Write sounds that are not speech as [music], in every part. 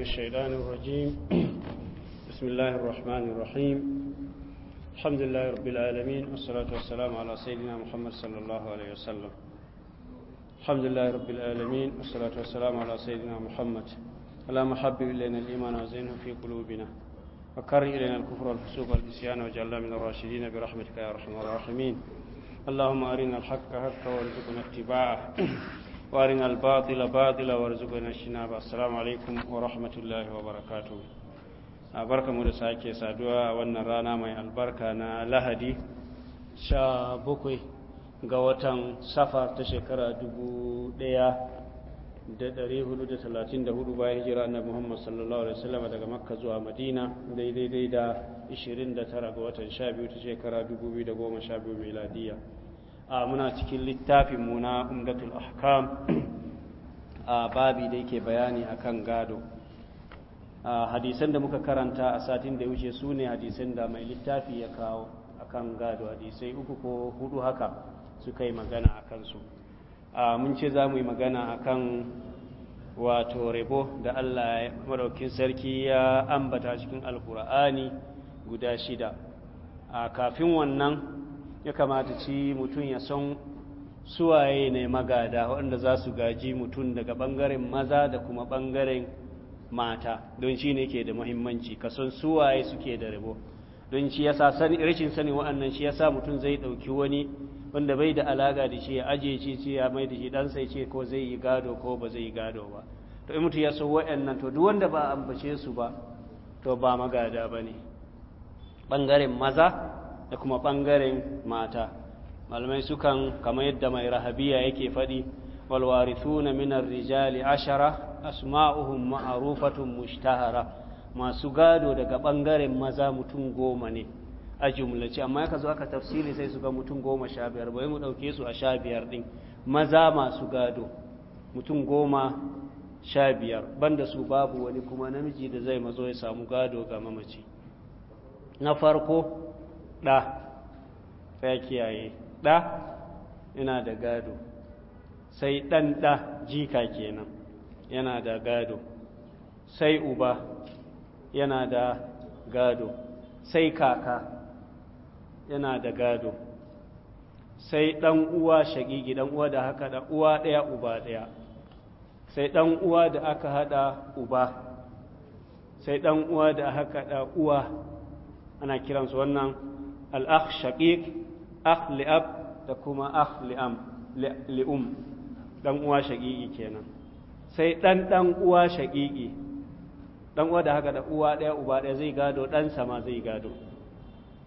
الشيطان الرجيم [clears throat] بسم الله الرحمن الرحيم الحمد لله رب العالمين والصلاة والسلام على سيدنا محمد صلى الله عليه وسلم الحمد لله رب العالمين والصلاة والسلام على سيدنا محمد ألا محبب إلينا الإيمان وزينه في قلوبنا وكره إلينا الكفر والفسوق والنسيان وجعلنا من الراشدين برحمتك يا أرحم الراحمين اللهم أرنا الحق حقا وارزقنا اتباعه [clears throat] وارنا الباطل باطلا وارزقنا اجتنابه السلام عليكم wa الله وبركاته barka mu da sake saduwa a wannan rana mai albarka na lahadi sha bakwai ga watan safar ta shekara dubu daya da dari hudu da talatin da hudu bayan hijira na muhammad sallallahu alaihi wasallam daga makka zuwa madina daidai da ishirin da tara ga watan sha biyu ta shekara dubu biyu da goma sha biyu miladiyya Ah, muna cikin littafin mu na umdatul ahkam [coughs] a ah, babi da yake bayani akan gado ah, hadisan da muka karanta a satin da ya wuce su ne hadisan da mai littafi ya kawo akan gado hadisai uku ko hudu haka suka yi magana a kansu mun ce za mu yi magana akan wato rebo da allah maraukin sarki ya ambata cikin alkur'ani guda shida kafin wannan ya kamata ci mutum ya san suwaye ne magada waɗanda za su gaji mutum daga ɓangaren maza da kuma ɓangaren mata don shi ne ke da muhimmanci ka san suwaye suke da rabo don shi sa sani rashin sani waɗannan shi ya sa mutum zai ɗauki wani wanda bai da alaƙa da shi ya aje shi ce ya mai da shi ɗan sai ce ko zai yi gado ko ba zai yi gado ba to in mutum ya san wa'annan to duk wanda ba a ambace su ba to ba magada ba ne ɓangaren maza da kuma ɓangaren mata malamai sukan kamar yadda mai rahabiya yake faɗi na minar rijali ashara asma'uhum ma'rufatun mushtahara masu gado daga ɓangaren maza mutum goma ne a jumlace amma ya zo aka tafsiri sai su ga mutum goma sha biyar bai mu ɗauke su a sha biyar ɗin maza masu gado mutum goma sha biyar banda su babu wani kuma namiji da zai mazo ya samu gado ga mamaci na farko ɗa sai kiyaye ɗa yana da gado sai ɗan ɗa jika kenan yana da gado sai uba yana da gado sai kaka yana da gado sai ɗan uwa shagigi ɗan uwa da haka da uwa ɗaya uba ɗaya sai ɗan uwa da aka haɗa uba sai ɗan uwa da haka da uwa ana kiransu wannan al'akh shaqiq akh li'ab da kuma akh li'am li'um dan uwa shaqiqi kenan sai dan dan uwa shaqiqi dan uwa da haka da uwa daya uba daya zai gado dan sama zai gado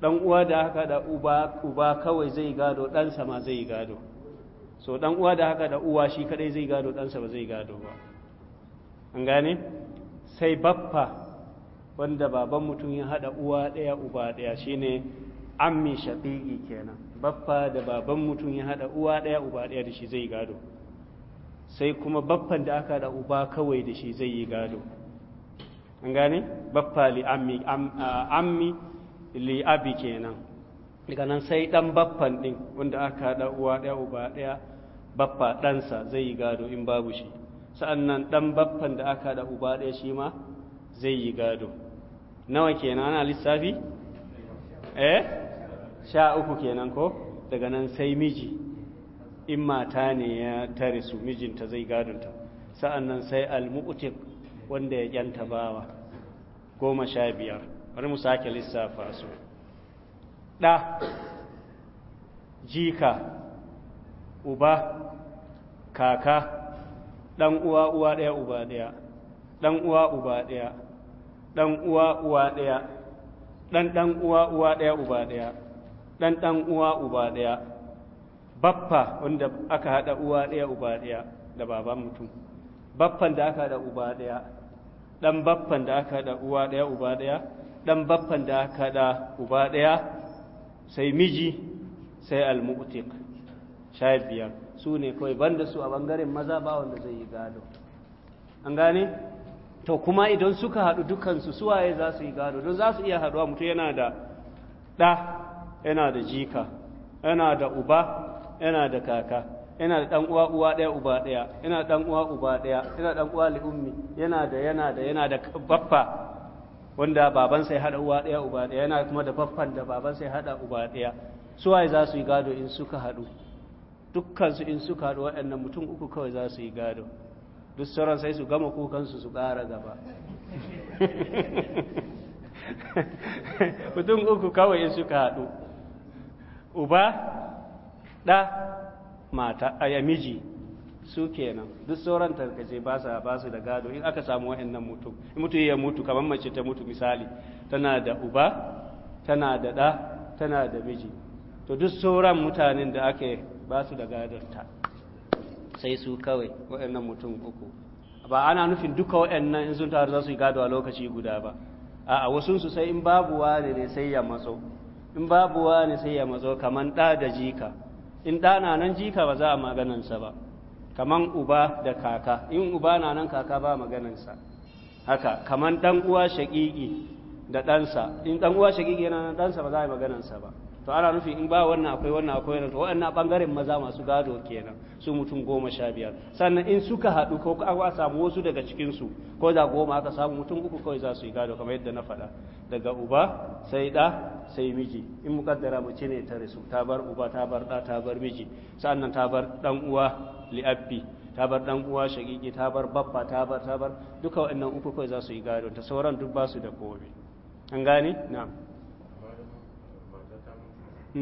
dan uwa da haka da uba uba kawai zai gado dan sama zai gado so dan uwa da haka da uwa shi kadai zai gado dan sama zai gado ba an gane sai bappa wanda baban mutum ya hada uwa daya uba ɗaya shine ammi shaɗi kenan baffa da baban mutum ya haɗa uwa ɗaya, uba ɗaya da shi zai gado sai kuma baffan da aka haɗa uba kawai da shi zai yi gado an gane baffa li ammi ammi li abi kenan daga nan sai ɗan baffan ɗin wanda aka haɗa uwa ɗaya, uba ɗaya, baffa ɗansa zai yi gado in babu shi Sa'an nan ɗan baffan da aka haɗa uba ɗaya shi ma zai yi gado nawa kenan ana lissafi eh sha uku kenan ko daga nan sai miji in mata ne ya tare su mijinta zai gadunta sa'an nan sai almu'utik wanda ya ƙyanta bawa goma sha biyar bari mu sake lissafa su ɗa jika uba kaka ɗan uwa uwa ɗaya uba ɗaya ɗan uwa uba ɗaya ɗan uwa uwa ɗaya ɗan ɗan uwa uwa ɗaya uba ɗaya ɗan ɗan uwa uba ɗaya baffa wanda aka haɗa uwa ɗaya uba ɗaya da baban mutum baffan da aka haɗa uba ɗaya ɗan baffan da aka haɗa uwa ɗaya uba ɗaya ɗan baffan da aka haɗa uba ɗaya sai miji sai almu'tiq shayar biyar su ne kawai banda su a bangaren maza ba wanda zai yi gado an gane to kuma idan suka haɗu dukansu suwaye za su yi gado don za su iya haɗuwa mutum yana da ɗa yana da jika yana da uba yana da kaka yana da ɗan uwa uwa ɗaya uba ɗaya yana da ɗan uwa uba ɗaya yana da ɗan uwa ummi yana da yana da yana da baffa wanda baban sai hada uwa ɗaya uba ɗaya yana kuma da baffan da baban sai hada uba ɗaya su waye za su yi gado in suka haɗu dukkan su in suka haɗu waɗannan mutum uku kawai za su yi gado duk sauran sai su gama kukansu su ƙara gaba [laughs] mutum uku kawai in suka haɗu uba ɗa mata aya miji su kenan duk sauran tarkace ba su ba su da gado in aka samu wa'annan mutum in mutum ya mutu kamar mace ta mutu misali tana da uba tana da ɗa tana da miji to duk sauran mutanen da aka ba su da gadonta sai su kawai wa'annan mutum uku ba ana nufin duka wa'annan in sun taru za su yi gado a lokaci guda ba a su sai in babu wane ne sai ya matso in babu wani sai ya mazo kaman ɗa da jika in ɗa na nan jika ba za a maganansa ba kaman uba da kaka in uba na nan kaka ba maganansa haka kaman ɗan uwa shaƙiƙi da ɗansa in ɗan uwa shaƙiƙi yana nan ɗansa ba za a yi maganansa ba to ana nufi in ba wannan akwai wannan akwai wannan to waɗannan bangaren maza masu gado kenan su mutum goma sha biyar sannan in suka haɗu ko a samu wasu daga cikin su ko da goma aka samu mutum uku kawai za su yi gado kamar yadda na faɗa daga uba sai ɗa sai miji in mukaddara mace ne ta rasu ta bar uba ta bar ɗa ta bar miji sannan ta bar ɗan uwa li'abbi ta bar ɗan uwa shaƙiƙi ta bar babba ta bar ta bar duka waɗannan uku kawai za su yi gado ta sauran duk ba su da komai an gane na'am Aa,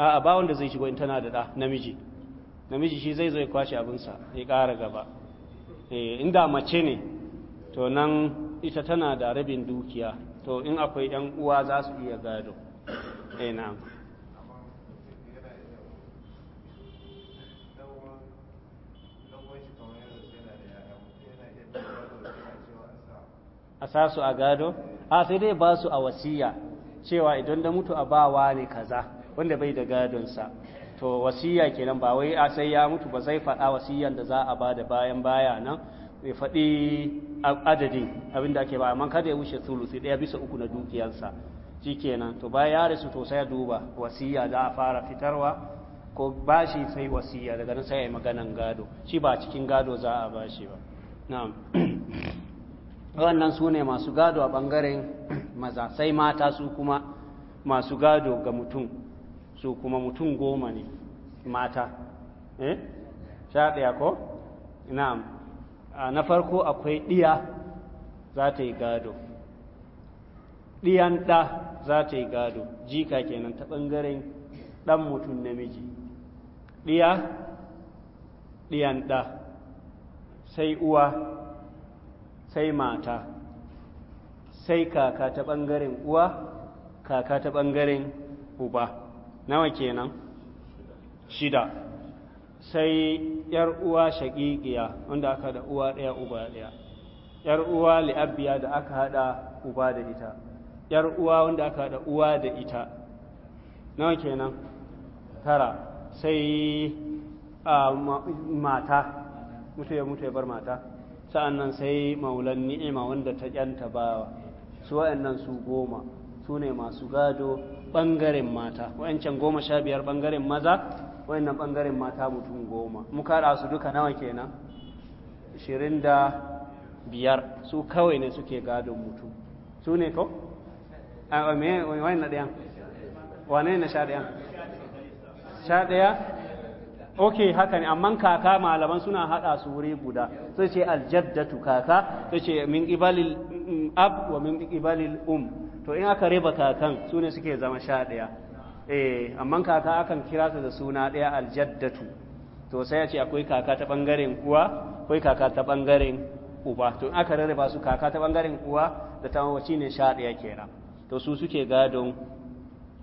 ya ba wanda zai shigo in tana da namiji namiji shi zai zo ya kwashe abinsa ya ƙara gaba eh inda mace ne to nan ita tana da rabin dukiya to in akwai 'yan uwa za su iya gado eh na'am a sa su a gado a sai dai ba su a wasiya cewa idan da mutu a bawa ne kaza wanda bai da gadonsa to wasiya kenan ba wai a sai ya mutu ba zai faɗa wasiyan da za a ba da bayan baya nan mai faɗi adadin abin da ake ba amma kada ya wuce sulusi daya bisa uku na dukiyarsa shi kenan to bayan ya rasu to sai ya duba wasiya za a fara fitarwa ko bashi sai wasiya daga nan sai ya yi maganan gado shi ba cikin gado za a shi ba na'am wannan su ne masu gado a ɓangaren maza sai mata su kuma masu gado ga mutum su kuma mutum goma ne mata eh sha ɗaya ko na'am na farko akwai ɗiya za ta yi gado ɗiyan ɗa za ta yi gado jika kenan ta ɓangaren ɗan mutum namiji ɗiya ɗiyan ɗa sai uwa sai mata sai kaka ta ɓangaren uwa kaka ta ɓangaren uba nawa kenan shida sai yar uwa shaƙiƙiya wanda aka da uwa ɗaya uba ɗaya yar uwa li'abbiya da aka haɗa uba da ita yar uwa wanda aka haɗa uwa da ita nawa kenan tara sai ah, mata mutu ya mutu ya bar mata sa'annan sai maulan ni'ima wanda ta kyanta bawa su wa'annan su goma su ne masu gado ɓangaren mata wa'ancan goma sha biyar ɓangaren maza wa'annan ɓangaren mata mutum goma muka su duka nawa kenan shirin da biyar su kawai ne suke gadon mutum su ne ko? na ɗayan wane na sha ɗayan sha ɗaya ok haka ne amma kaka malaman suna hada su wuri guda sai ce aljaddatu kaka sai ce min ibalil mm, ab wa min ibalil um to in aka raba kakan su ne suke zama sha daya eh amma kaka akan kira ta da suna daya aljaddatu to sai ya ce akwai kaka ta bangaren uwa akwai kaka ta bangaren uba to in aka rarraba su kaka ta bangaren uwa da ta mawaci ne sha daya kenan to su suke gadon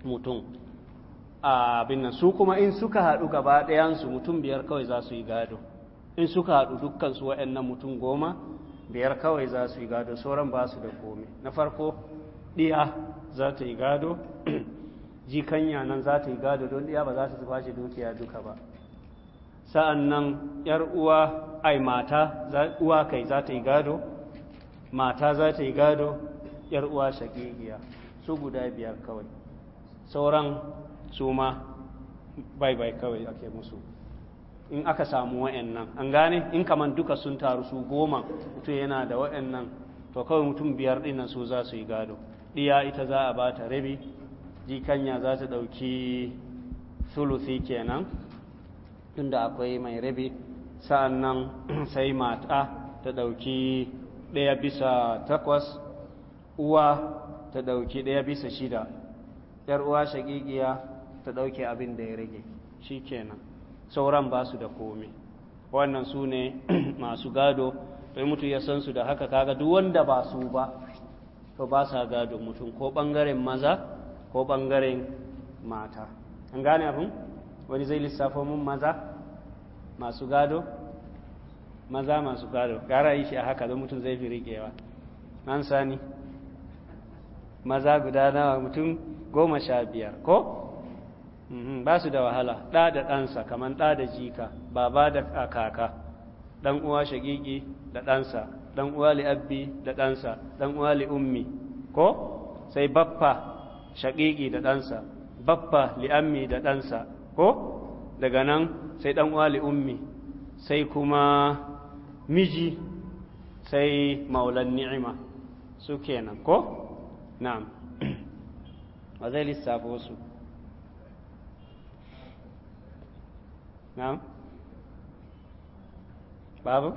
mutum abin nan su kuma in suka haɗu gaba ɗayansu mutum biyar kawai za su yi gado in suka haɗu dukkansu nan mutum goma biyar kawai za su yi gado sauran ba su da komai na farko ɗiya za ta yi gado [clears throat] jikanya nan za ta yi gado don ɗiya ba za ta zuba shi dukiya duka ba sa'an nan ‘yar uwa ai mata uwa kai za ta yi gado mata za ta yi gado ‘yar uwa shagigiya su guda biyar kawai sauran su ma bai bai kawai ake musu in aka samu wa'annan an gane in kaman duka sun taru su goma mutum yana da wa'annan to kawai mutum biyar dinnan su za su yi gado ɗiya ita za a ba ta rabi jikanya za ta ɗauki sulusi kenan tunda akwai mai rabi sa'an nan [clears throat] sai mata ta ɗauki ɗaya bisa takwas uwa ta ɗauki ɗaya bisa shida ‘yar uwa shagigiya ta ɗauke abin da ya rage shi kenan sauran ba su da komi wannan su ne [clears throat] masu gado to mutum ya san su da haka kaga duk wanda ba su ba to ba sa gado mutum ko ɓangaren maza ko ɓangaren mata an gane abin wani zai lissafo mun maza masu gado maza masu gado gara yi shi a haka don mutum zai fi riƙewa an sani maza guda nawa mutum goma sha biyar ko Mhm, ba su da wahala ɗa da ɗansa kamar ɗa da jika baba da kaka ɗan uwa shagigi da ɗansa ɗan uwa li'abbi da ɗansa ɗan uwa li'ummi ko sai baffa shagigi da ɗansa baffa li'ammi da ɗansa ko daga nan sai ɗan uwa li'ummi sai kuma miji sai maulan ni'ima su kenan ko na'am [clears throat] wa zai lissafo su na'am babu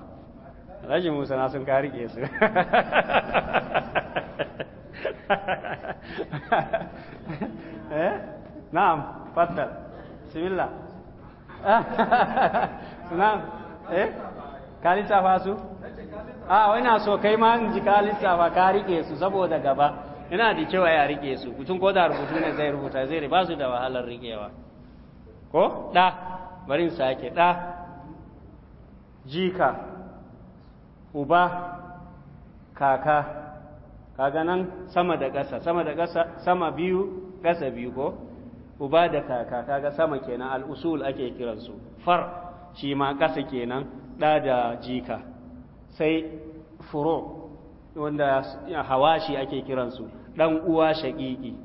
alhaji musa na sun ka rike su [laughs] eh? na'am fatal bismillah [laughs] na'am eh su a wani so kai ma ji ka lissafa ka rike su saboda gaba yana da cewa ya rike su mutum ko da rubutu ne zai rubuta zai ba su da wahalar rikewa ko da barin sake ɗa jika uba kaka kaga nan sama da ƙasa sama da ƙasa sama biyu ƙasa biyu ko uba da kaka kaga sama kenan al'usul ake kiransu far shi ma ƙasa kenan ɗa da jika sai furo wanda hawashi ake kiransu ɗan uwa shaƙiƙi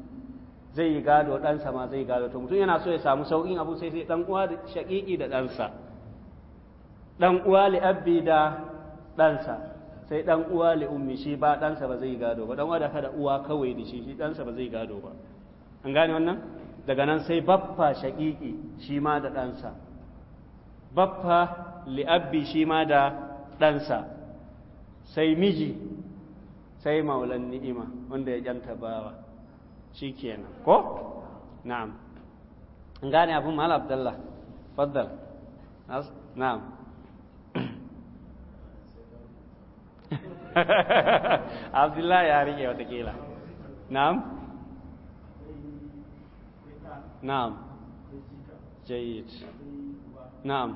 zai yi gado ɗansa ma zai gado to mutum yana so ya samu sauƙin abu sai sai ɗan uwa da shaƙiƙi da ɗansa ɗan uwa li abbi da ɗansa sai ɗan uwa li ummi shi ba ɗansa ba zai gado ba ɗan uwa da kada uwa kawai da shi shi ɗansa ba zai gado ba an gane wannan daga nan sai baffa shaƙiƙi shi ma da ɗansa baffa li abbi shi ma da ɗansa sai miji sai maulan ni'ima wanda ya ƙyanta bawa kenan ko na'am gane abin mal abdullah faddal na'am [laughs] abdullah ya rike watakila na'am na'am jayyid na'am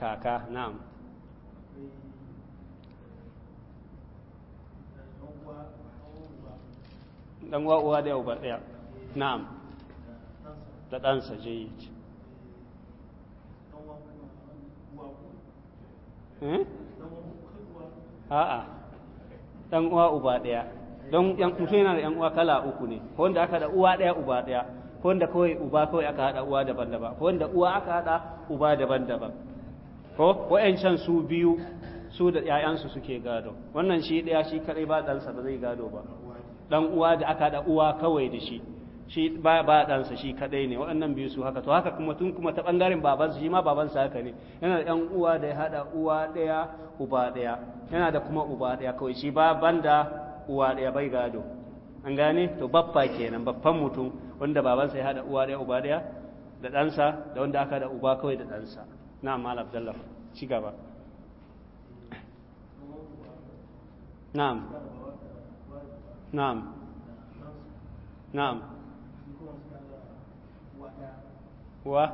kaka na'am dan uwa uwa da uba daya na'am da ɗansa ci hmm? a'a dan uwa uba daya don yan kusa yana da yan uwa kala uku ne ko wanda aka da uwa daya uba daya ko wanda kawai uba kawai aka hada uwa daban-daban ko wanda uwa aka hada uba daban-daban ko wa'ancan su biyu su da 'ya'yansu suke gado wannan shi daya shi kadai ba ɗansa ba zai gado ba dan uwa da aka da uwa kawai da shi shi ba ba ɗansa shi kaɗai ne waɗannan biyu su haka to haka kuma tun kuma ta ɓangaren baban shi ma babansa haka ne yana da ƴan uwa da ya haɗa uwa ɗaya uba ɗaya yana da kuma uba ɗaya kawai shi ba banda uwa ɗaya bai gado an gane to baffa kenan baffan mutum wanda babansa ya haɗa uwa ɗaya uba ɗaya da ɗansa da wanda aka da uba kawai da ɗansa na mal abdallah ci gaba na'am na'am na'am wa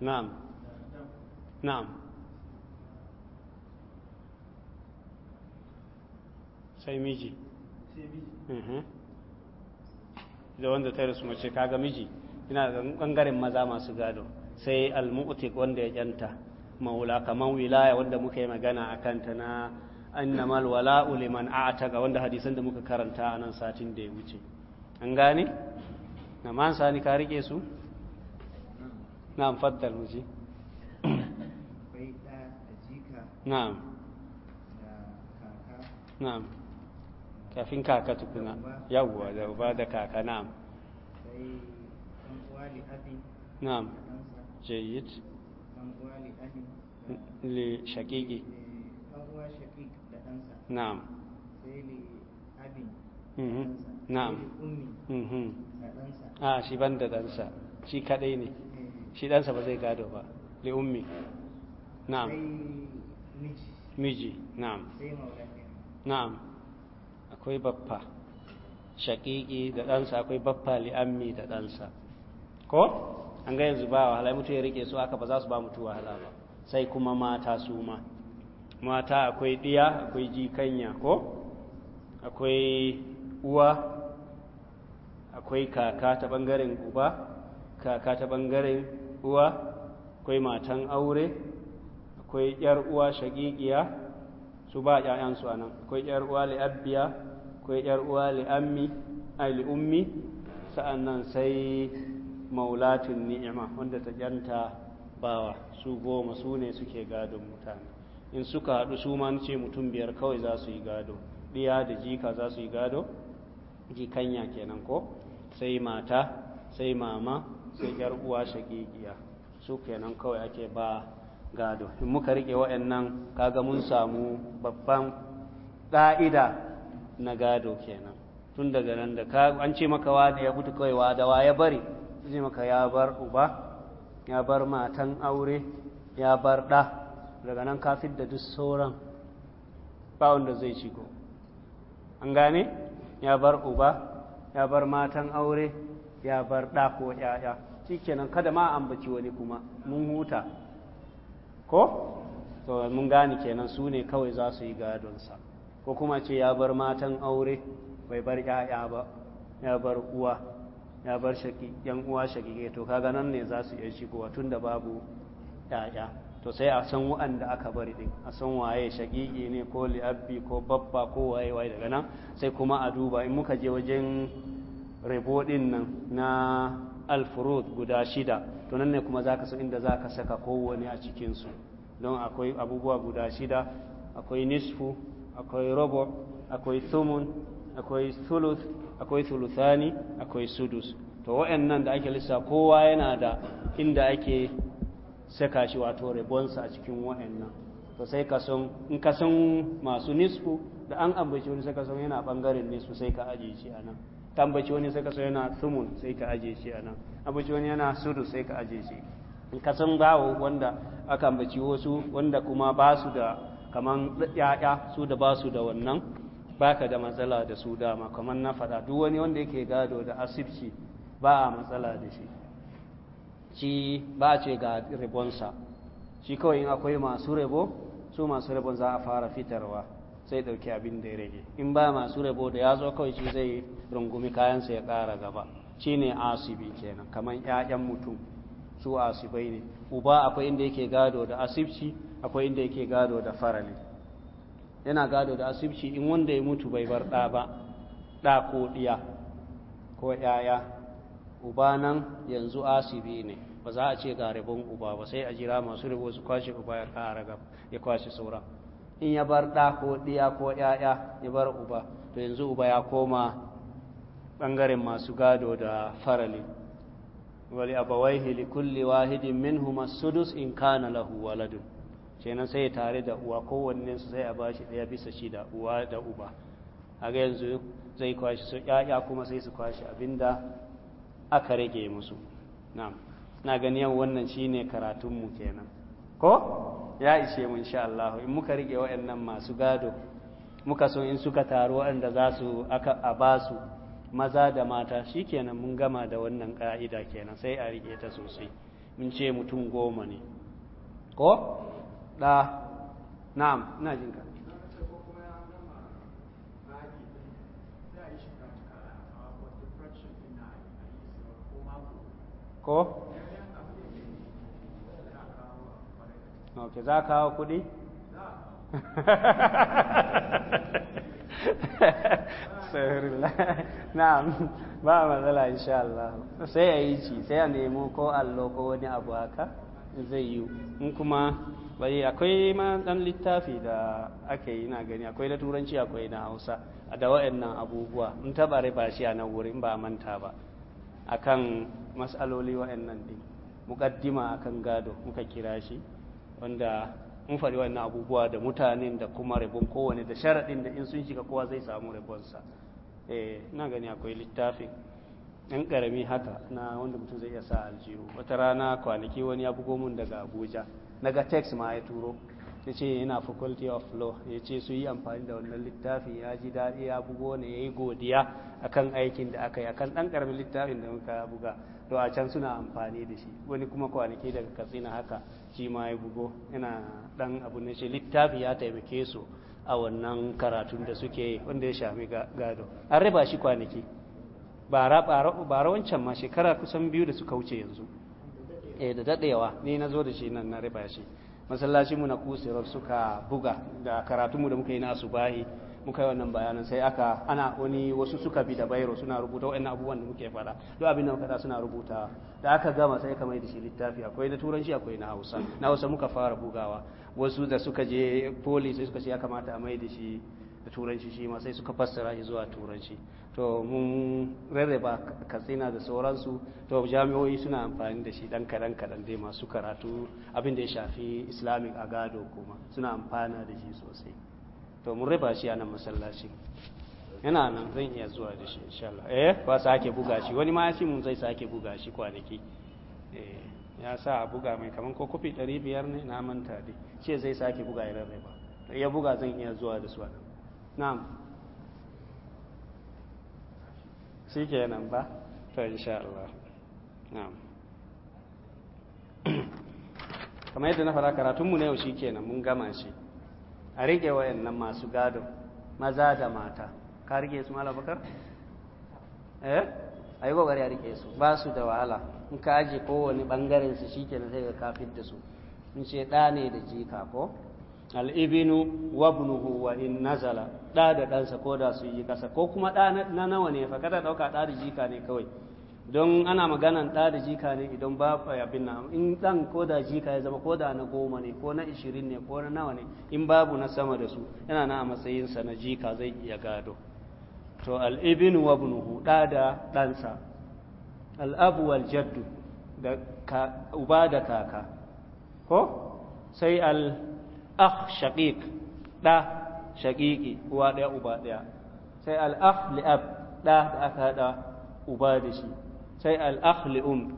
na'am نعم sai miji mhm. da wanda ta rasu mace kaga miji yana da bangaren maza masu gado sai al wanda ya yanta maula kamar wilaya wanda muka yi magana a kanta na annamal wala'u liman a'taqa wanda hadisan da muka karanta a nan satin da ya wuce an gane na man sani ka rike su na'am faddal mu ajika na'am na'am kafin kaka tukuna yawwa da uba da kaka na'am na'am jayyid li shaqiqi نعم na'am sai شي mhm. na'am mhm. a shi ban da ɗansa shi kaɗai ne eh. shi ɗansa ba zai gado ba li na'am na'am na'am akwai baffa da ɗansa akwai baffa li'ammi da ɗansa ko an ga yanzu ba wahala mutu ya rike su aka ba za su ba mutu wahala ba sai kuma mata su ma mata akwai ɗiya akwai jikanya ko akwai uwa akwai kaka ta ɓangaren uba kaka ta ɓangaren uwa akwai matan aure akwai ƴar uwa shagigiya su ba ƴaƴansu a nan akwai ƴar uwa li'abbiya akwai ƴar uwa li'ammi al'ummi sa'an nan sai maulatin ni'ima wanda ta ƴanta bawa su goma su ne suke gadon mutane in suka haɗu su ma ce mutum biyar kawai za su yi gado ɗiya da jika za su yi gado jikanya kenan ko sai mata sai mama sai yar uwa shagigiya su kenan kawai ake ba gado in muka rike waɗannan kaga mun samu babban ɗa'ida na gado kenan tun daga nan da ka an ce maka wada ya mutu kawai wadawa ya bari zai maka ya bar uba ya bar matan aure ya bar ɗa daga nan ka fidda duk sauran ba wanda zai shigo an gane ya bar uba ya bar matan aure ya bar ɗa ko ‘ya'ya kenan kada ma ambaci wani kuma mun huta ko to mun gane kenan su ne kawai za su yi gadonsa ko kuma ce ya bar matan aure bai bar ‘ya'ya ba ya bar uwa ya bar yan uwa shaki to kaga nan ne za su iya shigowa tun da babu ‘ya'ya to sai a san wa'anda aka bari din a san waye shaƙiƙi ne ko li'abbi ko babba ko waye waye daga nan sai kuma a duba in muka je wajen rebo din nan na alfurud guda shida to nan ne kuma zaka san inda zaka saka kowane a cikin su don akwai abubuwa guda shida akwai nisfu akwai rubu akwai thumun akwai thuluth akwai thuluthani akwai sudus to wa'annan da ake lissa kowa yana da inda ake ka shi wato rebonsa a cikin wa'annan to sai ka san in ka san masu nisku. da an ambaci wani sai ka san yana bangaren nisku sai ka aje shi a nan ta ambaci wani sai ka san yana sumun sai ka aje shi a nan ambaci wani yana sudu sai ka aje shi in ka san bawo wanda aka ambaci wasu wanda kuma ba su da kaman ya'ya su da ba su da wannan baka da matsala da su dama kamar na faɗa duk wani wanda yake gado da asibci ba a matsala da shi shi ba ce ga ribonsa shi kawai in akwai masu rabo su masu rabon za a fara fitarwa sai ɗauki abin da ya rage in ba masu rabo da ya zo kawai shi zai rungumi kayansa ya ƙara gaba shi ne asibi kenan kamar 'ya'yan mutum su asibai ne uba akwai inda yake gado da asibci akwai inda yake gado da farali yana gado da asibci in wanda ya mutu bai bar ɗa ba ɗa ko ɗiya ko 'ya'ya uba nan yanzu asibi ne ba za a ce ga rabon uba ba sai a jira masu rabo su kwashe uba ya kara gab ya kwashe saura in ya bar ɗa ko ɗiya ko ‘ya'ya ya bar uba to yanzu uba ya koma bangaren masu gado da farali wali abawaihi li kulli wahidin as sudus in kana lahu waladun kenan sai tare da uwa kowanne su sai a bashi ɗaya bisa shida uwa da uba a ga yanzu zai kwashi su ‘ya'ya kuma sai su kwashi abinda aka rage musu na'am na gani yau wannan shine karatunmu kenan ko ya ishe mu insha Allah in muka rike nan masu gado muka so in suka taru waɗanda za su aka a su, maza da mata shikenan mun gama da wannan ƙa'ida kenan sai a rike ta sosai mun ce mutum goma ne ko da na'am ina jinka ko ok za ka kawo kuɗi na'am ba matsala insha Allah sai a yi ci sai a nemo ko allo ko wani abu haka zai yi in kuma bari akwai ma dan littafi da ake yi na gani akwai na turanci akwai na hausa da waɗannan abubuwa in taɓa bare ba shi a nan wurin ba manta ba akan mas'aloli wa'annan din a kan gado muka kira shi wanda mun faɗi wannan abubuwa da mutanen da kuma rabon kowane da sharaɗin da in sun shiga kowa zai samu rabonsa eh na gani akwai littafin ɗan ƙarami haka na wanda mutum zai iya sa aljihu wata rana kwanaki wani ya bugo mun daga abuja na ga text ma ya turo ta ce yana faculty of law ya ce su yi amfani da wannan littafin ya ji daɗi ya bugo ne ya yi godiya a kan aikin da aka yi a kan ɗan ƙaramin littafin da muka buga to a can suna amfani da shi wani kuma kwanaki daga katsina haka shi ma ya bugo yana ɗan abu ne ce littafi ya taimake su a wannan karatun da suke wanda ya shami gado an raba shi kwanaki bara wancan ma shekara kusan biyu da suka wuce yanzu eh, da daɗewa ni na zo da shi nan na raba shi mu na kusurar suka buga da karatunmu da muka yi na asubahi muka yi wannan bayanan sai aka ana wani wasu suka bi da bairo suna rubuta wa'annan abubuwan da muke fara duk abin da muka suna rubuta da aka gama sai mai da shi littafi akwai na turanci akwai na hausa na hausa muka fara bugawa wasu da suka je poli sai suka ce ya kamata a mai da shi da turanci shi ma sai suka fassara shi zuwa turanci to mun rarraba katsina da sauransu to jami'o'i suna amfani da shi dan kadan kadan dai masu karatu abin da ya shafi islamic agado kuma suna amfana da shi sosai to mun raba shi a nan masallaci yana nan zan iya zuwa da shi insha Allah eh ba sake buga shi wani ma ya ce mun zai sake buga shi kwanaki eh ya sa a buga mai kaman ko kofi 500 ne na manta dai ce zai sake buga ya rarraba ya buga zan iya zuwa da su na'am shi kenan ba to insha Allah [clears throat] kamar yadda na fara karatunmu na yau shi kenan mun gama shi a rike wayannan masu gado maza da mata ka rike su mala bakar eh yi kokari a rike su ba su da wahala in ka aje kowane bangarensu su shikenan sai ga kafin da su in ce ɗane ne da jika ko al'ibinu wabnuhu wa in nazala ɗa da ɗansa ko da su yi ƙasa ko kuma ɗa na nawa ne fa kada ɗauka ɗa da jika ne kawai don ana maganan ɗa da jika ne idan ba eh, abin na in ɗan ko da jika ya zama ko da na goma ne ko na ishirin ne ko na nawa ne in babu na sama da su yana na a matsayinsa na jika zai iya gado to al'ibinu wabnuhu ɗa da ɗansa al'abu wal jaddu da uba da kaka ko sai al أخ شقيق لا شقيقي هو دا أبا دا سي الأخ لأب دا دا أكادا أبا دشي سي الأخ لأم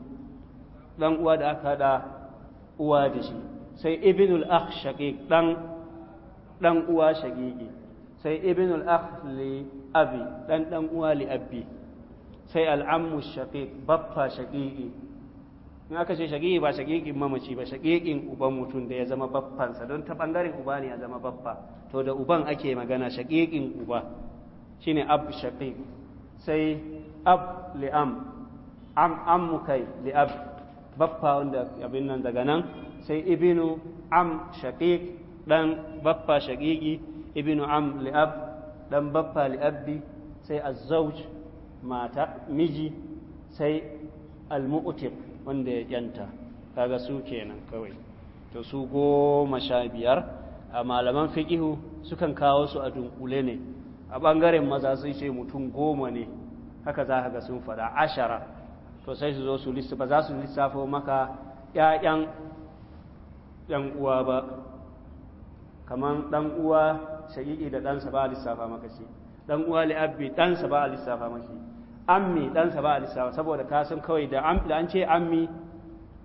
دان هو دا أكادا أبا دشي سي ابن الأخ شقيق لا دان هو شقيقي سي ابن الأخ لأبي لا دان هو لأبي سي العم الشقيق بطا شقيقي in aka ce shaƙiƙi ba shaƙiƙin mamaci ba shaƙiƙin uban mutum da ya zama baffansa don ta ɓangaren uba ne ya zama baffa to da uban ake magana shaƙiƙin uba shine ab shaƙiƙ sai ab li'am am am kai li'ab baffa wanda abin nan daga nan sai ibinu am shaƙiƙ dan baffa shaƙiƙi ibinu am li'ab dan baffa li'abbi sai azzauj mata miji sai al-mu'tiq wanda ya kyanta kaga su kenan kawai to su goma sha biyar a malaman fiqihu sukan kawo su a dunkule ne a ɓangaren maza sun ce mutum goma ne haka za ka ga sun fada ashara to sai su zo su ba za su lissafo maka ƴaƴan ɗan uwa ba kamar ɗan uwa shaƙiƙi da ɗansa ba a lissafa maka shi ɗan uwa li'abbi ɗansa ba a lissafa maka shi ammi ɗansa ba a lissafa saboda ka san kawai da an ce ammi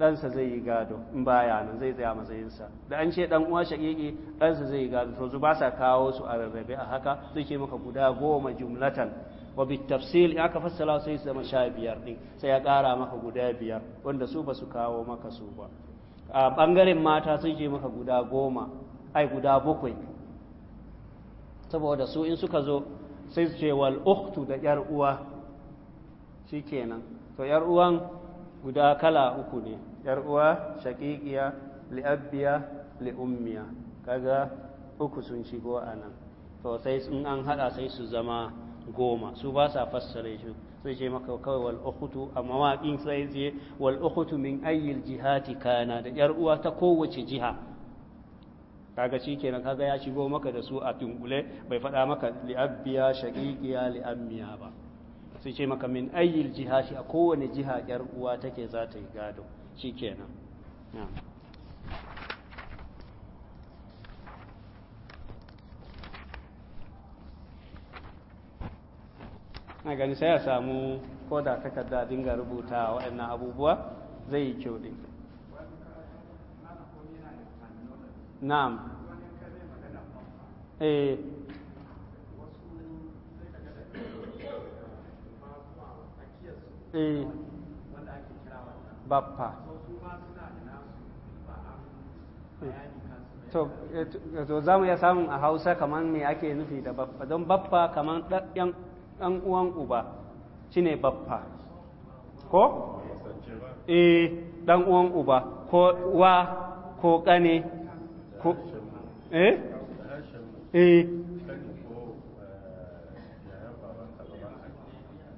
ɗansa zai yi gado in baya nan zai tsaya matsayinsa da an ce ɗan uwa shaƙiƙi ɗansa zai yi gado to su ba sa kawo su a rarrabe a haka zai maka guda goma jumlatan wa bi tafsil in aka fassala sai su zama sha biyar ɗin sai ya ƙara maka guda biyar wanda su ba su kawo maka su ba a ɓangaren mata sun maka guda goma ai guda bakwai saboda su in suka zo sai su ce wal ukhtu da yar uwa shikenan to yar uwan guda kala uku ne yar uwa shaqiqiya li'abbiya li'ummiya kaga uku sun shigo anan to sai in an hada sai su zama goma su ba sa fassare shi sai ce maka kawai wal ukhtu ma in sai ce wal ukhtu min ayyil jihati kana da yar uwa ta kowace jiha kaga shikenan kaga ya shigo maka da su a tungule bai faɗa maka li'abbiya shaqiqiya li'ammiya ba sai ce maka min ayyil shi a kowane jiha yar uwa take za ta yi gado shikenan na gani sai a samu ko da takarda dinga rubuta waɗannan abubuwa zai yi kyau din na'am eh Eh. Eh, eh to za mu iya samun a hausa kamar me ake nufi da bappa, don bappa kamar ɗan uwan uba shine bappa, ko? eh ɗan uwan uba ko wa ko ƙane ko eh? eh,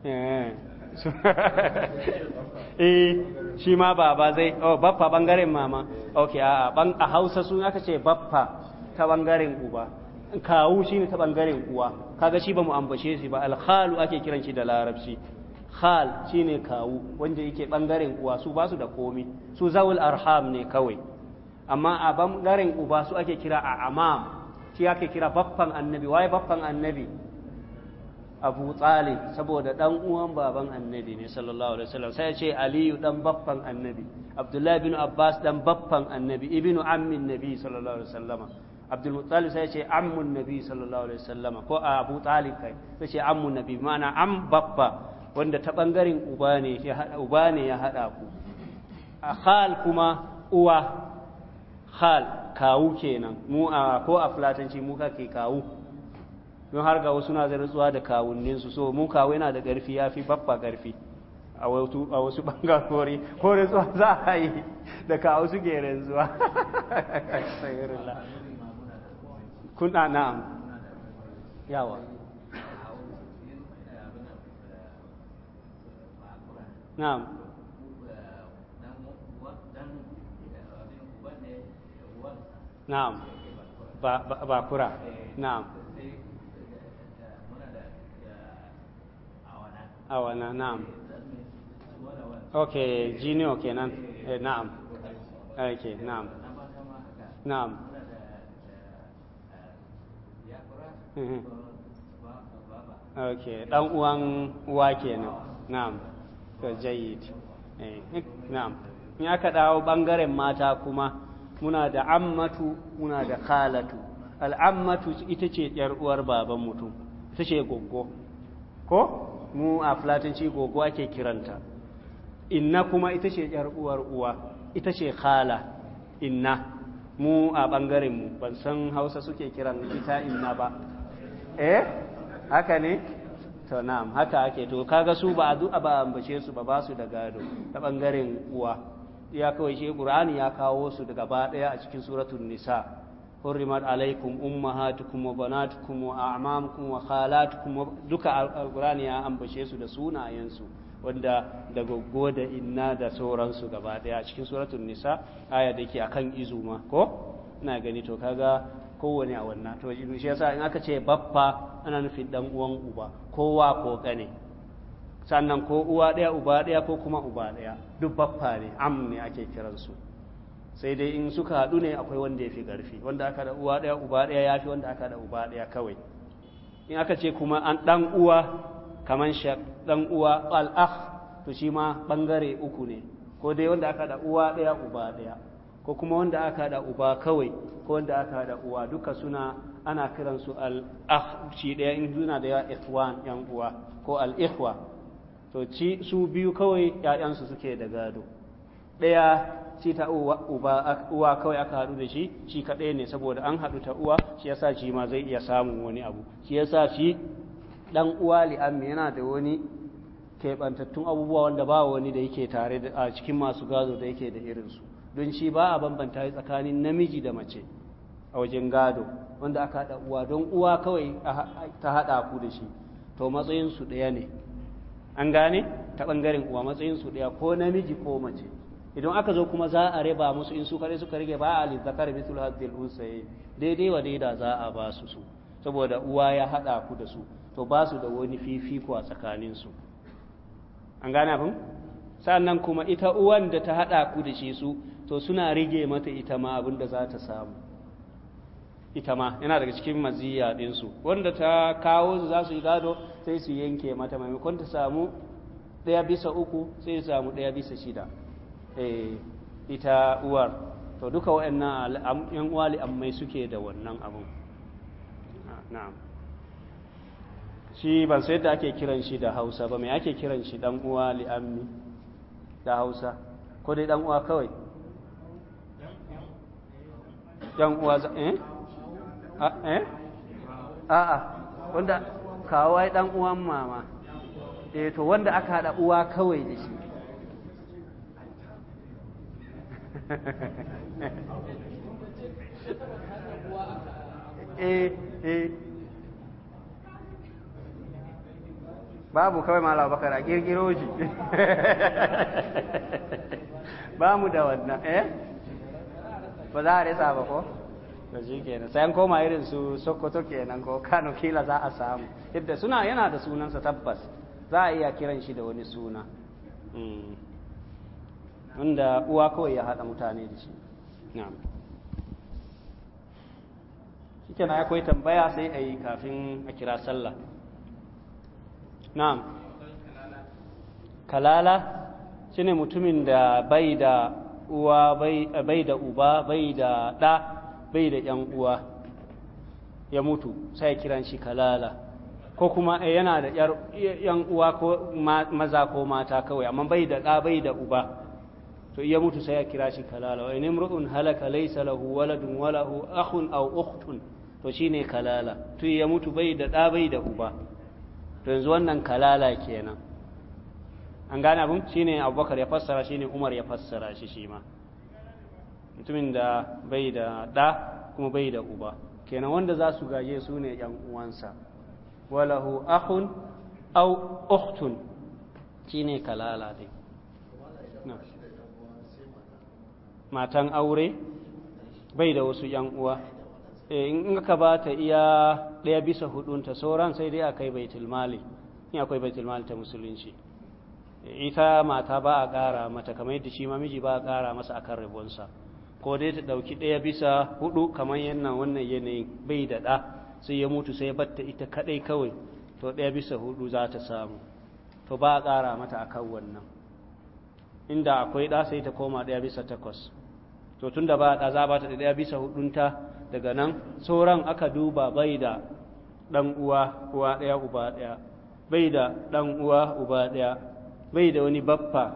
eh. [laughs] eh shi ma baba zai oh baffa bangaren mama okay a a Hausa sun aka ce baffa ta bangaren uba kawu shine ta bangaren uwa kaga shi bamu ambace shi ba Alkhalu ake kiran shi da larabci khal shine kawu wanda yake bangaren uwa su ba su da komi su zawul arham ne kawai amma a bangaren uba su ake kira a amam shi ake kira baffan annabi waye baffan annabi abu talib saboda dan uwan baban annabi ne sallallahu alaihi wasallam sai ce aliyu dan baffan annabi abdullahi bin abbas dan baffan annabi ibnu ammin nabi sallallahu alaihi wasallam abdul muttalib sai ce ammun nabi sallallahu alaihi wasallam ko abu talib kai sai ce ammun nabi ma'ana am baffa wanda ta bangaren uba ne uba ne ya hada ku a khal kuma uwa khal kawu kenan mu a ko a fulatanci mu kake kawu don har ga wasu na rantsuwa da kawunninsu so mu kawo yana da ƙarfi ya fi babba ƙarfi a wasu ɓangarori ko rantsuwa za a yi da kawo su geren zuwa na'am yawa na'am na'am ba kura na'am awana na'am okay junior kenan eh na'am okay na'am na'am mhm. okay dan uwan uwa kenan na'am to jayyid eh na'am in aka dawo bangaren mata kuma muna da ammatu muna da khalatu al'ammatu ita ce yar uwar baban mutum ita ce goggo ko mu a filatanci gogo ke kiranta inna kuma ita ce yar uwar uwa ita ce khala inna mu a bangaren mu ban san hausa suke kiran ita inna ba eh haka ne to na'am haka ake to kaga su ba addu'a ba ambace su ba basu da gado ta bangaren uwa ya kawai shi qur'ani ya kawo su daga ba daya a cikin suratun nisa alaikum banatukum wa a'mamukum wa khalatukum duka alqur'ani ya ambace su da sunayen su. wanda da goggo da inna da sauransu gaba daya a cikin suratul nisa aya da yake akan Izuma ko ina gani to kaga kowane a wannan to shi yasa in aka ce baffa ana nufin dan uwan uba kowa ko kane sannan ko uwa daya uba daya ko kuma uba daya duk baffa ne am ne ake kiransu sai dai in suka haɗu ne akwai wanda ya fi ƙarfi wanda aka da uwa ɗaya uba ɗaya ya fi wanda aka da uba ɗaya kawai in aka ce kuma an ɗan uwa kamar shak ɗan uwa al'ah to shi ma ɓangare uku ne ko dai wanda aka da uwa ɗaya uba ɗaya ko kuma wanda aka da uba kawai ko wanda aka da uwa duka suna ana kiransu al'ah shi ɗaya in suna da yawa ikhwan yan uwa ko al'ihwa to ci su biyu kawai ‘ya'yansu suke da gado ɗaya ce ta uwa kawai aka haɗu da shi shi kaɗai ne saboda an haɗu ta uwa shi yasa shi ma zai iya samun wani abu shi yasa shi ɗan uwa li'ammi yana da wani keɓantattun abubuwa wanda ba wani da yake tare a cikin masu gado da yake da irinsu don shi ba a bambanta tsakanin namiji da mace a wajen gado wanda aka haɗa uwa don uwa kawai ta haɗa ku da shi to matsayinsu ɗaya ne an gane ta ɓangaren uwa matsayinsu ɗaya ko namiji ko mace idan aka zo kuma za a raba musu in su kare suka rage ba a lizzakar bitul haddil unsayi daidai wa daida za a ba su su saboda uwa ya hada ku da su to ba su da wani fifiko a tsakanin an gane abin sannan kuma ita uwan da ta hada ku da shi su to suna rige mata ita ma abin da za ta samu ita ma yana daga cikin maziya ɗinsu wanda ta kawo su za su yi gado sai su yanke mata maimakon ta samu ɗaya bisa uku sai su samu ɗaya bisa shida Eh, ita uwar to duka waɗannan yan uwa li'ammai suke da wannan abun ah, na'am shi ban sai da ake kiran shi da hausa ba mai ake kiran shi dan uwa li'ammi da hausa ko dai dan uwa kawai yan uwa za eh a ah, eh a a wanda kawai dan uwan mama eh to wanda aka hada uwa kawai da shi [laughs] eh eh babu kawai ma bakar a kirkiro shi [laughs] ba mu da wannan eh ba za a resa ba ko da shi kenan sai an koma irin su sokoto kenan ko kano kila za a samu yadda suna yana da sunansa tabbas za a iya kiran shi da wani suna hmm. wanda uwa kawai ya haɗa mutane da shi na akwai tambaya sai a yi kafin a kira sallah na'am kalala ne mutumin da bai da uwa bai da uba bai da ɗa bai da ‘yan uwa ya mutu sai kiran shi kalala ko kuma eh, yana da ‘yan uwa ko maza ko mata kawai amma bai da ɗa bai da uba to iya mutu sai ya kira shi kalala wa ne imru'un halaka laysa lahu waladun wa lahu akhun aw ukhtun to shine kalala to iya mutu bai da da bai da uba to yanzu wannan kalala kenan an gane abun shine Abubakar ya fassara shine Umar ya fassara shi shi ma mutumin da bai da da kuma bai da uba kenan wanda za su gaje su ne ‘yan uwansa walahu ahun au ukhtun shine kalala dai matan aure bai da wasu ‘yan uwa eh, in ka ba ta iya ɗaya bisa hudunta sauran sai dai akai baitul mali in akwai baitul mali ta musulunci eh, ita mata ba a ƙara mata kamar yadda shi mamiji ba a ƙara masa akan rabonsa ko dai ta ɗauki ɗaya bisa hudu kamar yana wannan yanayin bai da ɗa sai ya mutu sai batta ita kaɗai kawai to ɗaya bisa hudu za ta samu to ba a ƙara mata akan wannan inda akwai ɗa sai ta koma ɗaya bisa takwas to tun da ba ɗa za ba ta ɗaya bisa hudunta daga nan sauran aka duba bai da ɗan uwa uwa ɗaya uba ɗaya bai da ɗan uwa uba ɗaya bai da wani baffa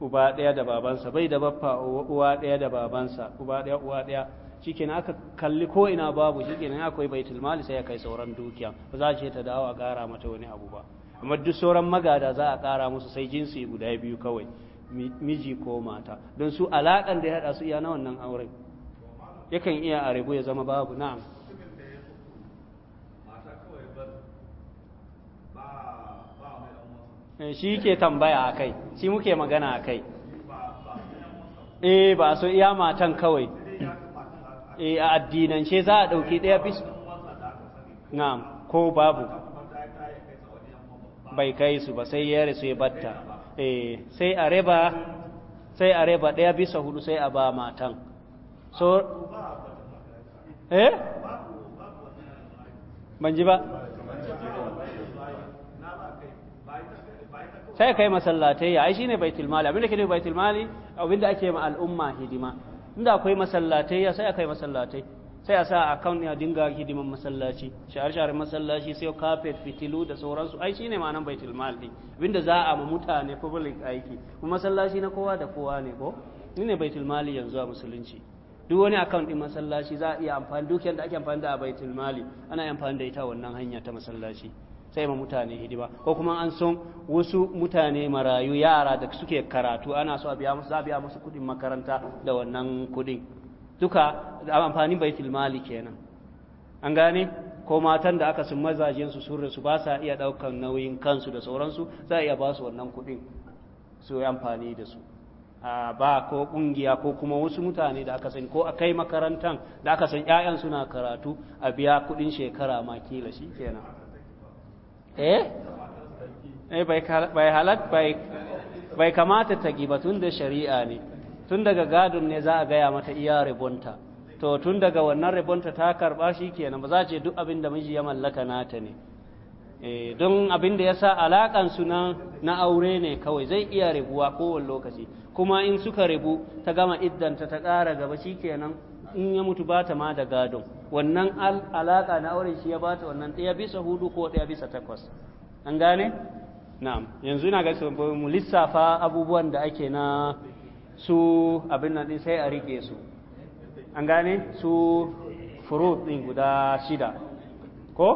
uba ɗaya da babansa bai da baffa uwa ɗaya da babansa uba ɗaya uwa ɗaya shike aka kalli ko ina babu shike nan akwai baitul mali sai ya kai sauran dukiya ba za ce ta dawo a ƙara mata wani abu ba amma duk sauran magada za a ƙara musu sai jinsi guda biyu kawai miji ko mata don su alaƙar da ya haɗa su iya na wannan auren yakan iya a ya zama babu na'am eh, shi ke tambaya a kai shi muke magana a kai eh ba so iya matan kawai eh a addinance za a ɗauki ɗaya bis na'am ko babu bai kai su ba sai ya rasu ya batta Eh, sai a reba sai a raba ɗaya bisa hudu sai a ba matan so eh ban ji ba sai kai masallatai ai shine baitul mali abinda ke ne baitul mali abinda ake ma al'umma hidima inda akwai masallatai sai akai masallatai sai a sa account kan ya dinga hidiman masallaci shahar-shahar masallaci sai carpet fitilu da sauransu ai shine ma'anan baitul mal din abinda za a ma mutane public aiki kuma masallaci na kowa da kowa ne ko ni ne baitul mali yanzu a musulunci duk wani account din masallaci za a iya amfani duk da ake amfani da a baitul mali ana amfani da ita wannan hanya ta masallaci sai ma mutane hidima ko kuma an son wasu mutane marayu yara da suke karatu ana so a biya musu za a biya musu kuɗin makaranta da wannan kuɗin duka amfanin baitul mali kenan an gane ko matan da aka sun mazajen su surre rasu ba sa iya daukan nauyin kansu da sauransu za a iya ba su wannan kuɗin su yi amfani da su ba ko kungiya ko kuma wasu mutane da aka sani ko a kai makarantan da aka san ƴaƴan suna karatu a biya kuɗin shekara ma kila shi kenan eh eh bai bai halat bai bai kamata ta gibatun da shari'a ne tun daga gadon ne za a gaya mata iya rebonta to tun daga wannan rabonta ta karba shi kenan ba za ce duk abin da miji ya mallaka nata ne eh, don abin da ya sa alaƙansu na aure ne kawai zai iya rabuwa kowane lokaci kuma in suka rabu ta gama iddanta ta ƙara gaba shi kenan in ya mutu ba ta ma da gadon wannan alaƙa na aure shi ya ba ta wannan ɗaya bisa hudu ko ɗaya bisa takwas an gane na'am yanzu na ga mu lissafa abubuwan da ake na su abin nan din sai a rike su an gane su furut din guda shida ko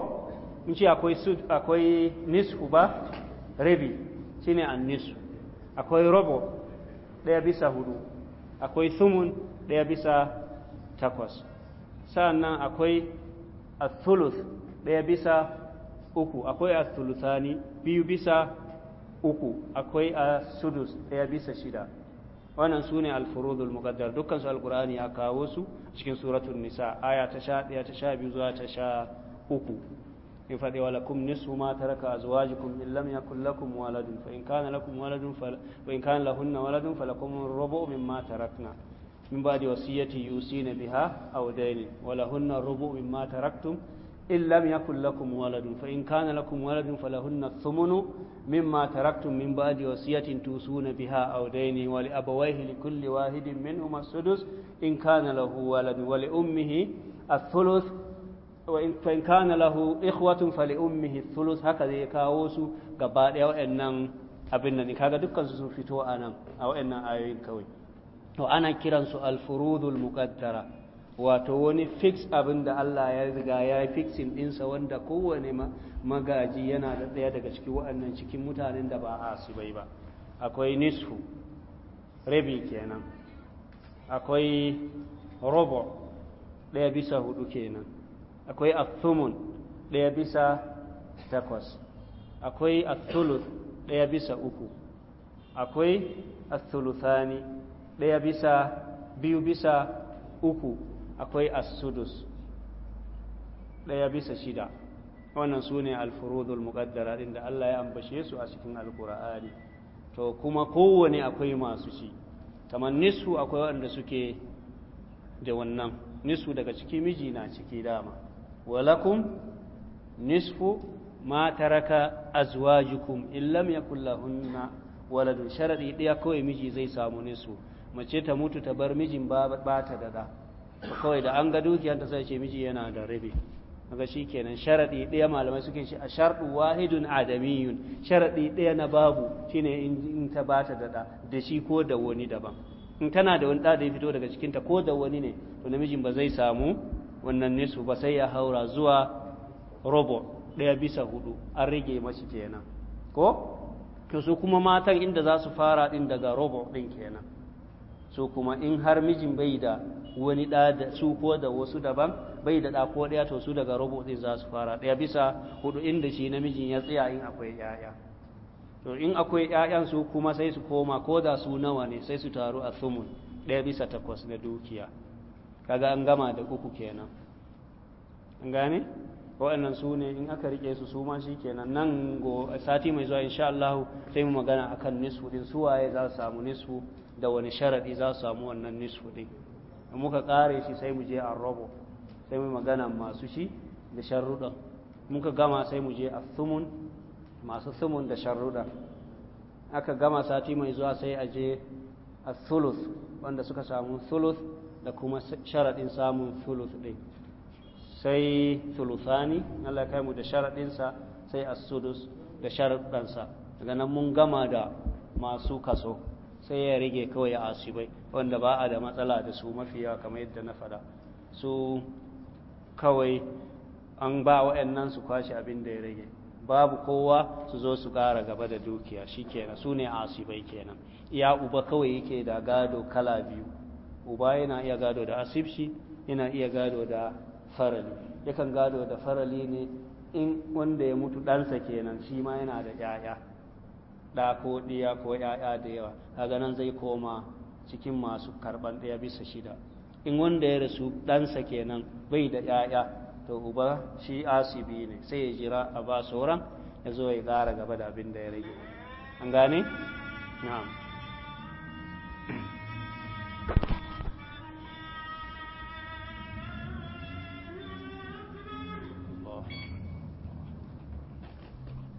in ce akwai akwai nisfu ba rabi shine an nisfu akwai robo daya bisa hudu akwai sumun daya bisa takwas sannan akwai athuluth daya bisa uku akwai athuluthani biyu bisa uku akwai a sudus ɗaya bisa shida wannan su ne alfurudul muqaddar dukkan su alqur'ani ya kawo su cikin suratul nisa aya ta 11 ta 12 zuwa ta 13 in fadi wa lakum nisfu ma taraka azwajukum in lam yakul lakum waladun fa in kana lakum waladun fa in kana lahunna waladun falakum rubu mimma tarakna min ba'di wasiyati yusina biha aw dayn wa lahunna rubu mimma taraktum إن لم يكن لكم ولد فإن كان لكم ولد فلهن الثمن مما تركتم من بعد وصية توصون بها أو دين ولأبويه لكل واحد منهما السدس إن كان له ولد ولأمه الثلث وإن فإن كان له إخوة فلأمه الثلث هكذا يكاوس قبال أو أن أبنا نكاد دكا سوفتو أنا أو أن آيين كوي وأنا كيران سؤال فروض المقدرة wato wani fix abin da Allah ya riga ya yi fixin ɗinsa wanda kowane magaji yana da ɗaya daga cikin wa'annan cikin mutanen da ba a su bai ba akwai nisfu rabi kenan akwai robo ɗaya bisa hudu kenan akwai athumun ɗaya bisa takwas akwai athuluth ɗaya bisa uku akwai athuluthani ɗaya bisa biyu bisa uku akwai asudus ɗaya bisa shida wannan su ne alfurudul muƙaddara inda da Allah ya ambashe su a cikin alƙur'ani to kuma kowane akwai masu shi kamar nisu akwai waɗanda suke da wannan nisu daga ciki miji na ciki dama walakum nisfu ma taraka azwajukum in lam yakul lahunna waladun sharadi ɗaya kawai miji zai samu nisu mace ta mutu ta bar mijin ba ta da kawai da an ga dukiyanta sai ce miji yana da rabi kaga shikenan sharadi daya malamai suke shi a shardu wahidun adamiyun sharadi daya na babu shine in ta bata da da shi ko da wani daban in tana da wani da ya fito daga cikin cikinta ko da wani ne to namijin ba zai samu wannan nisu ba sai ya haura zuwa robo daya bisa hudu an rage mashi kenan ko to su kuma matan inda za su fara din daga robo din kenan so kuma in har mijin bai da wani ɗa da su ko da wasu daban bai da ɗa ko ɗaya to su daga robo ɗin za su fara ɗaya bisa hudu inda shi namijin ya tsaya in akwai ‘ya'ya to in akwai ‘ya'yan su kuma sai su koma ko da su nawa ne sai su taru a sumun ɗaya bisa takwas na dukiya kaga an gama da uku kenan an gane waɗannan su ne in aka rike su su ma shi kenan nan go sati mai zuwa insha Allah sai mu magana akan nisfu din su waye za su samu nisfu da wani sharadi za su samu wannan nisfu din in muka kare shi sai mu je a rabo sai mu magana masu shi da sharruɗa muka gama sai mu je a thumun masu thumun da sharruɗa aka gama sati mai zuwa sai a je a thuluth wanda suka samu thuluth da kuma sharaɗin samun thuluth ɗin sai thuluthani Allah kai mu da sharaɗinsa sai a sudus da sa daga nan mun gama da masu kaso sai ya rage kawai a asibai wanda ba a da matsala da su mafiya kamar yadda na fada su kawai an ba wa'annan su kwashe abin da ya rage babu kowa su zo su ƙara gaba da dukiya shi kenan su ne asibai kenan iya uba kawai yake da gado kala biyu uba yana iya gado da asibshi yana iya gado da farali yakan gado da farali ne in wanda ya mutu ɗansa kenan shi ma yana da 'ya'ya ɗa ko ɗiya ko ‘ya'ya da yawa kaga nan zai koma cikin masu karɓan ɗaya bisa shida in wanda ya rasu ɗansa kenan bai da ‘ya'ya to uba shi asibi ne sai ya jira a ba sauran ya zo ya gara gaba da abin da ya rage an gane na'am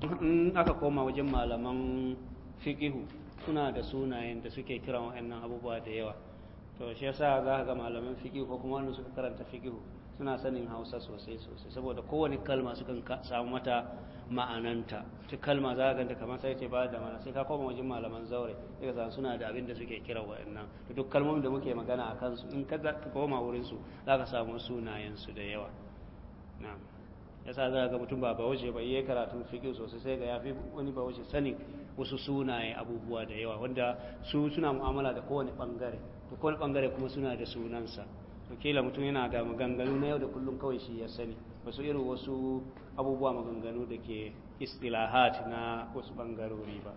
in aka koma wajen malaman fiƙihu suna da sunayen da suke kiran waɗannan abubuwa da yawa to shi yasa za ka ga malaman fiƙihu ko kuma wanda suka karanta fiƙihu suna sanin hausa sosai sosai saboda kowane kalma sukan samu mata ma'ananta ta kalma za ka ganta kamar sai ce ba da mana sai ka koma wajen malaman zaure daga ka suna da abin da suke kira waɗannan da duk kalmomin da muke magana a kansu in ka koma wurinsu za ka samu sunayensu su da yawa na'am yasa za ga mutum ba bahaushe ba iya karatun fiqh sosai sai ga yafi wani bahaushe sanin wasu sunaye abubuwa da yawa wanda su suna mu'amala da kowane bangare to kowane bangare kuma suna da sunansa to mutum yana da maganganu na yau da kullum kawai shi ya sani ba su irin wasu abubuwa maganganu da ke istilahat na wasu bangarori ba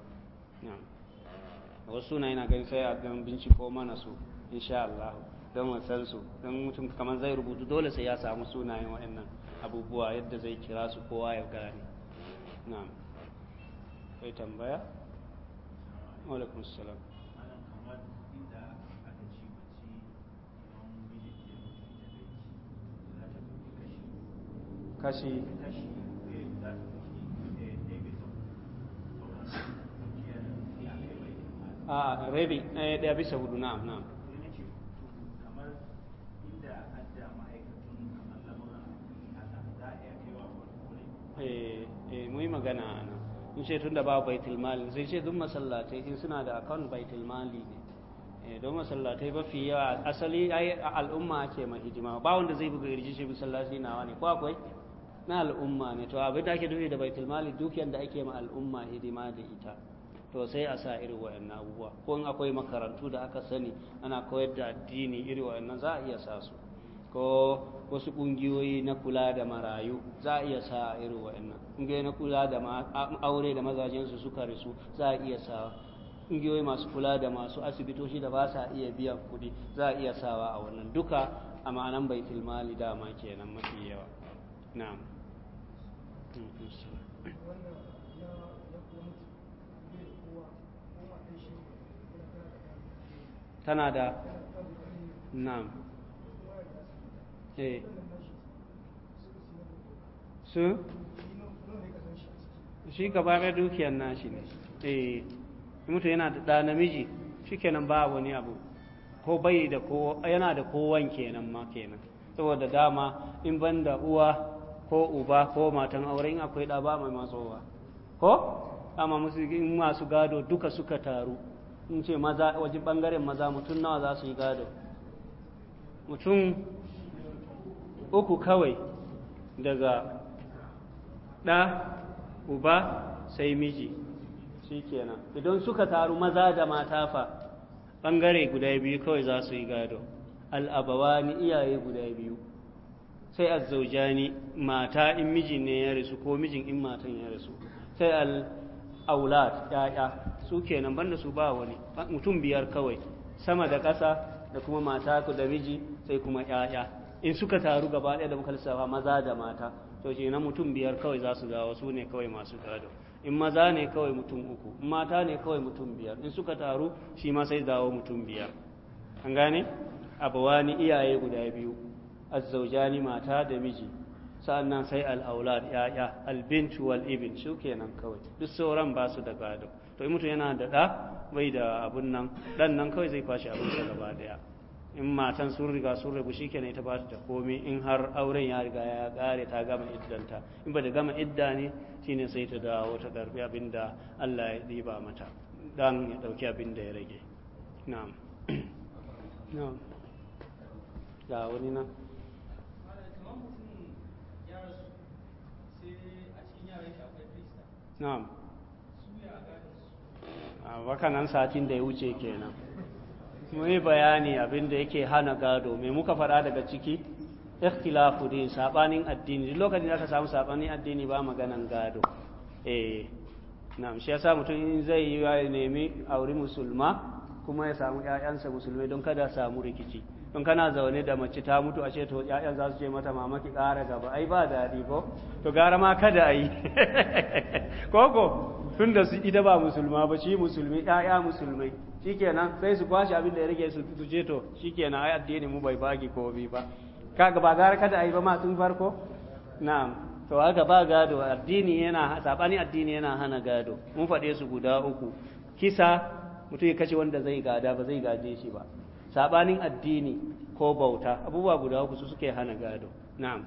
wasu suna yana ganin sai a dan binciko mana su insha Allah don mu san su don mutum kamar zai rubutu dole sai ya samu sunayen waɗannan abubuwa yadda zai kira su kowa ya gane na'am kai tambaya alaikum salam kashi eh, a rabi eh, eh, ɗaya bisa hudu na'am na'am Eh, eh, mu magana a nan in ce tun da ba baitul mali sai ce duk masallatai in suna da akawun baitul mali ne eh, don masallatai ba fi yawa asali al'umma ke ma hidima ba wanda zai buga irji shi masallaci na ne ko akwai na al'umma ne to abin da ake nufi da baitul mali da ake ma al'umma hidima da ita to sai a sa irin wayannan abubuwa ko in akwai makarantu da aka sani ana koyar da addini irin wayannan za a iya sa su ko wasu ƙungiyoyi na kula da marayu za a iya sa irin wa'annan ƙungiyoyi na kula da aure da mazajensu suka rasu za a iya sa ƙungiyoyi masu kula da masu asibitoci da ba sa iya biyan kuɗi za a iya sawa a wannan duka a ma'anan bai mali dama kenan mafi yawa na'am tana da na'am ke su shi gaba ɗaya dukiyar nashi ne eh mutu yana da ɗa namiji shi kenan ba wani abu ko bai da ko yana da kowan kenan ma kenan saboda dama in ban da uwa ko uba ko matan aure in akwai ɗa ba mai matsowa ko amma musu in masu gado duka suka taru in ce maza wajen bangaren maza mutum nawa za su yi gado mutum uku kawai daga ɗa uba sai miji shi kenan idan suka taru maza da mata fa ɓangare guda biyu kawai za su yi gado Al'abawa ni iyaye guda biyu sai azzaujani mata in mijin ne ya rasu ko mijin in matan ya rasu sai al'aulat ya'ya su kenan banda su ba wani mutum biyar kawai sama da ƙasa da kuma mata da miji sai kuma ya'ya in suka taru gaba ɗaya da muka maza da mata to shi na mutum biyar kawai za su dawo su ne kawai masu gado in maza ne kawai mutum uku in mata ne kawai mutum biyar in suka taru shi ma sai dawo mutum biyar an gane abawani iyaye guda biyu azzaujani mata da miji sa'annan sai al'aulad ya'ya albint wal ibn su kenan kawai duk sauran ba su da gado to in mutum yana da ɗa bai da abun nan ɗan nan kawai zai kwashe abinsa gaba daya in matan sun riga sun rabu shi kenan ita ba ta komai in har auren ya riga ya kare ta gama iddanta in ba ta gama idda ne shine sai ta dawo ta karbi abin da Allah ya riba mata dan ya dauki abin da ya rage na'am [clears throat] na'am ga wani na na'am a wakanan satin da ya wuce kenan mu yi bayani abin da yake hana gado mai muka fara daga ciki ikhtilafu din sabanin addini Duk lokacin da aka samu sabanin addini ba maganan gado eh na'am shi yasa mutum in zai yi ya nemi auri musulma kuma ya samu ƴaƴansa musulmai don kada samu rikici don kana zaune da mace ta mutu a ce to ƴaƴan za su je mata mamaki ƙara gaba ai ba daɗi ko to gara ma kada ai [laughs] koko tunda su ita ba musulma ba shi musulmi ƴaƴa musulmai shikenan sai su kwashi abin da ya rage su je to shikenan ai addini mu bai bagi ko bi ba kaga ba gara kada ai ba ma tun farko na'am to haka ba gado addini yana sabani addini yana hana gado mun faɗe su guda uku kisa mutum ya kashe wanda zai gada ba zai gaje shi ba sabanin addini ko bauta abubuwa guda uku su suke hana gado na'am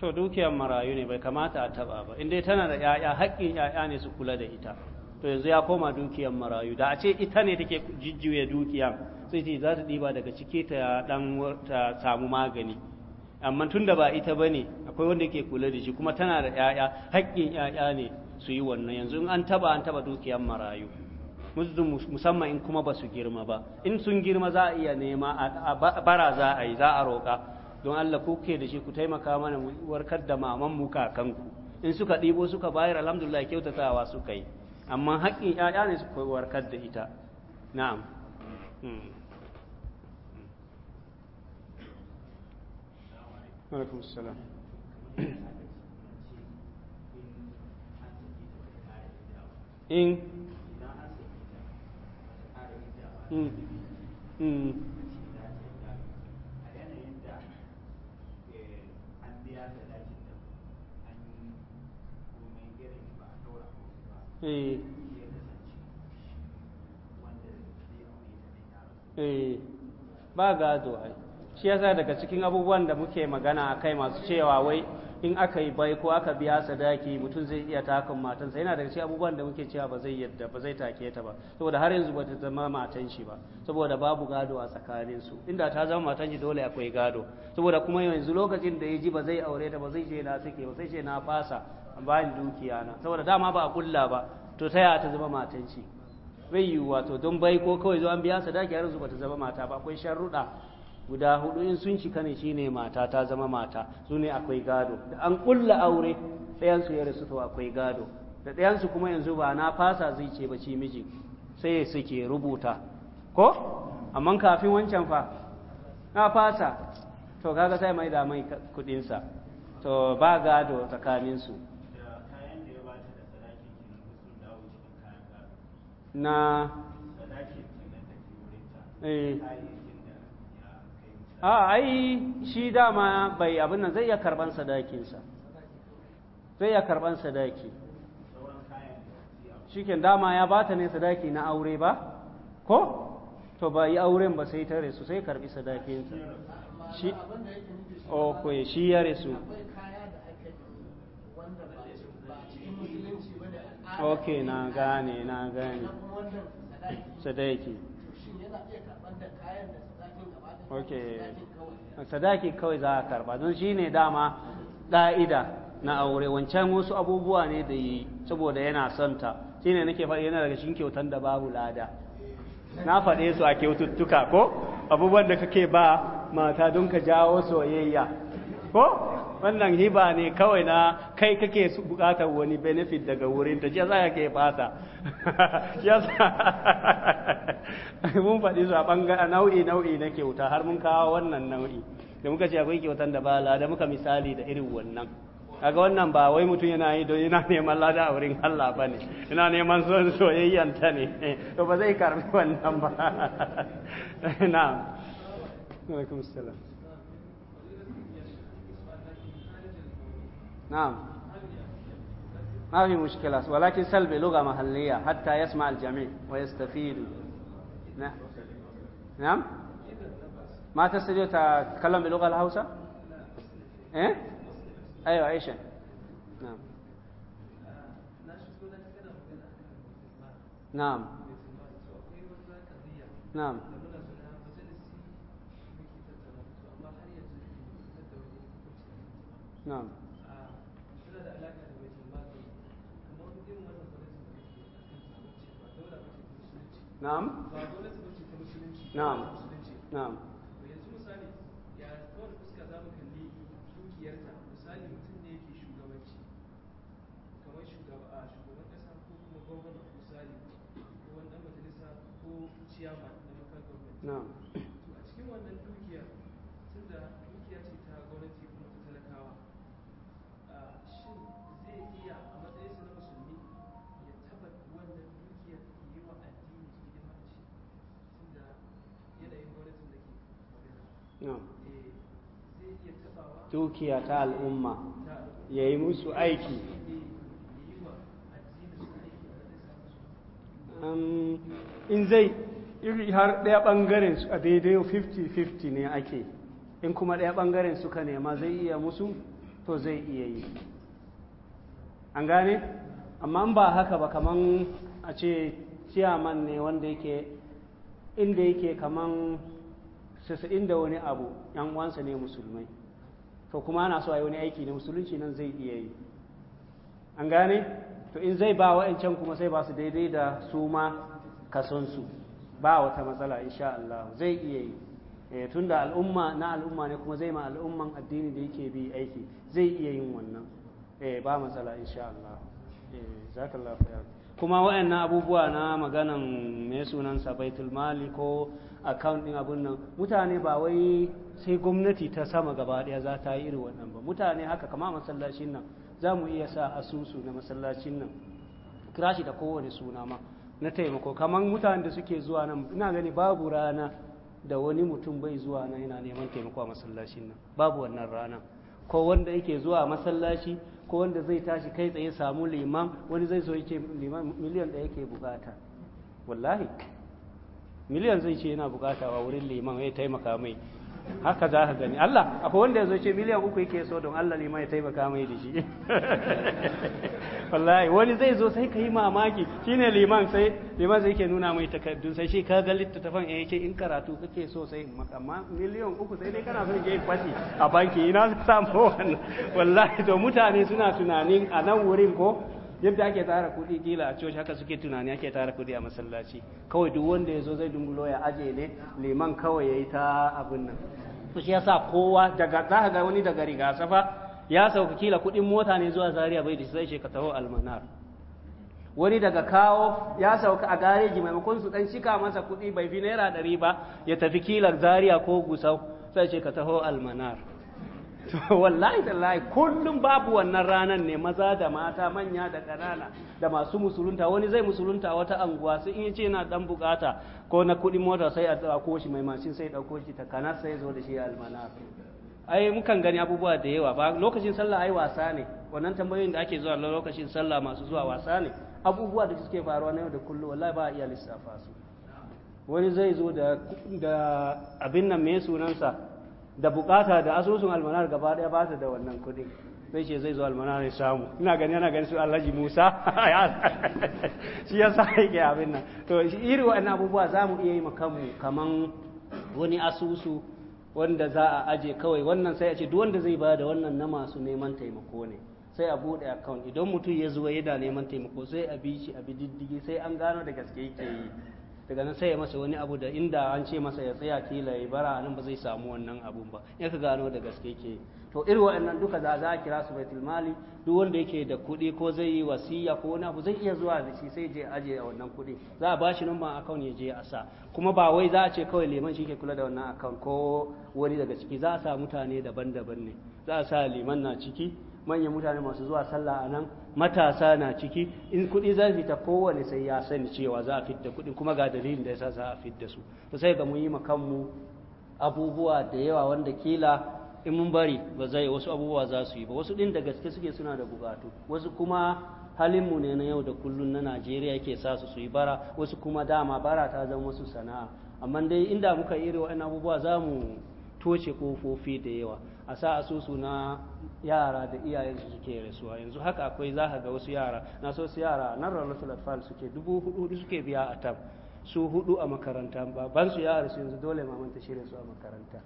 to dukiyar marayu ne bai kamata a taba ba inda tana da yaya haƙƙin yaya ne su kula da ita to yanzu ya koma dukiyar marayu da a ce ita ne take jijjiwe dukiyar sai ce za ta ɗiba daga ciki ta dan ta samu magani amma tun da ba ita ba ne akwai wanda ke kula da shi kuma tana da yaya haƙƙin yaya ne su yi wannan yanzu in an taba an taba dukiyar marayu musamman in kuma ba su girma ba in sun girma za a iya nema a bara za a yi za a roƙa don Allah ku ke da shi ku taimaka mana mu warkar da maman mu kakanku in suka ɗibo suka bayar alhamdulillah kyautatawa suka yi amma haƙƙin ƴaƴa ne suka warkar da ita na'am hmm. in hmm. Hmm. Eh. Eh. ba gado ai shi yasa daga cikin abubuwan da muke magana a kai masu cewa wai in aka yi bai ko aka biya sadaki mutum zai iya takan matansa yana daga cikin abubuwan da muke cewa ba zai yadda ba zai take ta ba saboda har yanzu ba ta zama matan shi ba saboda babu gado a tsakanin su inda ta zama matan shi dole akwai gado saboda kuma yanzu lokacin da ya ji ba zai aure ta ba zai ce na suke ba sai ce na fasa bayan dukiya na saboda dama ba a kulla ba to ta ya ta zama matan ce bai yi wato don bai ko kawai zuwa biya sadaki har zuwa ta zama mata ba akwai sharuɗa guda hudu in sun cika ne shine mata ta zama mata su ne akwai gado da an kulla aure ɗayansu ya rasu to akwai gado da ɗayansu kuma yanzu ba na fasa zai ce ba ci miji sai suke rubuta ko amma kafin wancan fa na fasa to kaga sai mai da mai kuɗinsa to ba gado tsakaninsu na eh. a ah, ai shi dama bai abin nan zai iya karban sadakinsa zai iya karban sadaki shiken dama ya bata ne sadaki na aure ba ko to ba yi auren ba sai ta resu sai karbi sadakinsa shi oh, ya resu ok na gane na gane sadaki ok sadaki kawai za a karba don shi ne dama ɗa'ida na aure wancan wasu abubuwa ne da yi saboda yana santa shi ne nake faɗi yana daga cikin kyautan da babu lada na faɗe su a kyaututtuka ko abubuwan da kake ba mata don ka jawo soyayya ko wannan hiba ne kawai na kai kake bukatar wani benefit daga wurin ta ce za ke fata [laughs] [laughs] mun faɗi su a ɓangare nau'i nau'i na kyauta har mun kawo wannan nau'i da muka ce akwai kyautan da ba lada muka misali da irin wannan kaga wannan ba wai mutum yana yi don yana neman lada a wurin Allah ba ne yana neman son soyayyan ne [laughs] to ba zai karbi wannan ba na'am alaikum salam نعم ما في مشكلة ولكن سلبي لغة محلية حتى يسمع الجميع ويستفيد نعم نعم ما تستطيع تتكلم بلغة الهوسة ايه ايوه عيشا نعم نعم نعم نعم na'am na'am na'am yanzu misali fuska za kalli dukiyarta misali mutum ne yake shugabanci kamar shugaban kasa ko kuma gwamnati misali ko wani dukiya ta al'umma ya yi musu aiki in zai iri har ɗaya ɓangaren su a daidai 50-50 ne ake in kuma ɗaya ɓangaren suka nema zai iya musu to zai iya yi an gane amma ba haka ba kaman a ce ciyaman ne wanda yake inda yake kaman 90 da wani abu 'yan uwansa ne musulmai to kuma ana so a yi wani aiki na musulunci nan zai iya yi an gane to in zai ba wa'ancan kuma sai ba su daidai da su ma kasonsu ba wata matsala insha Allah zai iya yi eh, tun da al'umma na al'umma ne kuma zai ma al'umman addini da yake bi aiki zai iya yin wannan eh, ba matsala insha Allah eh, zakallahu khairan kuma wa'annan abubuwa na maganan mai sunan sabaitul mali ko account din abun nan mutane ba wai sai gwamnati ta sama gaba daya za ta yi irin wannan ba mutane haka kama masallacin nan za mu iya sa asusu na masallacin nan kira shi da kowane suna ma na taimako kamar mutanen da suke zuwa nan ina gani babu rana da wani mutum bai zuwa nan yana neman taimako a masallacin nan babu wannan rana ko wanda yake zuwa masallaci ko wanda zai tashi kai tsaye samu liman wani zai so yake liman miliyan da yake bukata wallahi miliyan zai ce yana bukata wa wurin liman ya taimaka mai haka za ka gani Allah akwai wanda ya zo ce miliyan uku yake so don Allah ne mai taimaka mai da shi [laughs] wallahi wani zai zo sai ka yi mamaki shine liman sai liman zai ke nuna mai takardu sai shi ka ga littattafan ya eh, yake in karatu kake so sai amma miliyan uku sai dai kana son je fashi a banki ina samu wannan wallahi to mutane suna tunanin a nan wurin ko yadda ake tara kuɗi kila a coci haka suke tunani ake tara kuɗi a masallaci kawai duk wanda ya zo zai dungulo ya aje ne liman kawai ya yi ta abin nan to shi yasa kowa daga za ga wani daga riga safa ya sauka kila kuɗin mota ne zuwa zaria bai da sai ka taho almanar wani daga kawo ya sauka a gareji maimakon su dan cika masa kuɗi bai fi naira ɗari ba ya tafi kilar zariya ko gusau sai ce ka taho almanar to wallahi tallahi kullum babu wannan ranar ne maza da mata manya da ƙanana da masu musulunta wani zai musulunta wata anguwa sai in ce yana dan bukata ko na kuɗin mota sai a dauko shi mai mashin sai ɗauko shi ta kana sai zo da shi almana ai mukan gani abubuwa da yawa ba lokacin sallah ai wasa ne wannan tambayoyin da ake zuwa lokacin sallah masu zuwa wasa ne abubuwa da suke faruwa na yau da kullum wallahi ba a iya lissafa su wani zai zo da abin nan mai sunansa da bukata da asusun almanar gaba daya ba ta da wannan kudin sai ce zai zo almanar ya samu ina gani yana gani su alhaji musa [laughs] shi ya sa yake abin nan to irin wannan abubuwa za mu iya yi kanmu kaman wani asusu wanda za a aje kawai wannan sai a ce duk wanda zai ba da wannan na masu neman taimako ne sai a bude account idan mutum ya zuwa da neman taimako sai a bi shi a bi diddigi sai an gano da gaske yake yi daga na sai masa wani abu da inda an ce masa ya tsaya kila ya bara nan ba zai samu wannan abun ba in ka gano da gaske ke to irin waɗannan duka za za kira su baitul mali duk wanda yake da kuɗi ko zai yi wasiya ko wani abu zai iya zuwa da shi sai je aje a wannan kuɗi za a bashi numban account ya je a sa kuma ba wai za a ce kawai liman shi ke kula da wannan account ko wani daga ciki za a sa mutane daban-daban ne za a sa liman na ciki manyan mutane masu zuwa sallah a nan matasa na ciki in kuɗi zai fita kowane sai ya sani cewa za a fidda kuɗi kuma ga dalilin da ya sa za a fidda su to sai ga mu yi kanmu abubuwa da yawa wanda kila in mun bari ba zai wasu abubuwa za su yi ba wasu ɗin da gaske suke suna da bukatu wasu kuma halinmu ne na yau da kullun na najeriya ke sa su su yi bara wasu kuma dama bara ta zama wasu sana'a amma dai inda muka iri wa'in abubuwa za mu toce ƙofofi da yawa a sa asusu na yara da iyayensu suke rasuwa yanzu haka akwai za ga wasu yara na so su yara nan ranatul atfal suke dubu hudu suke biya a tab su hudu a makaranta ban su yara su yanzu dole maman ta shirya su a makaranta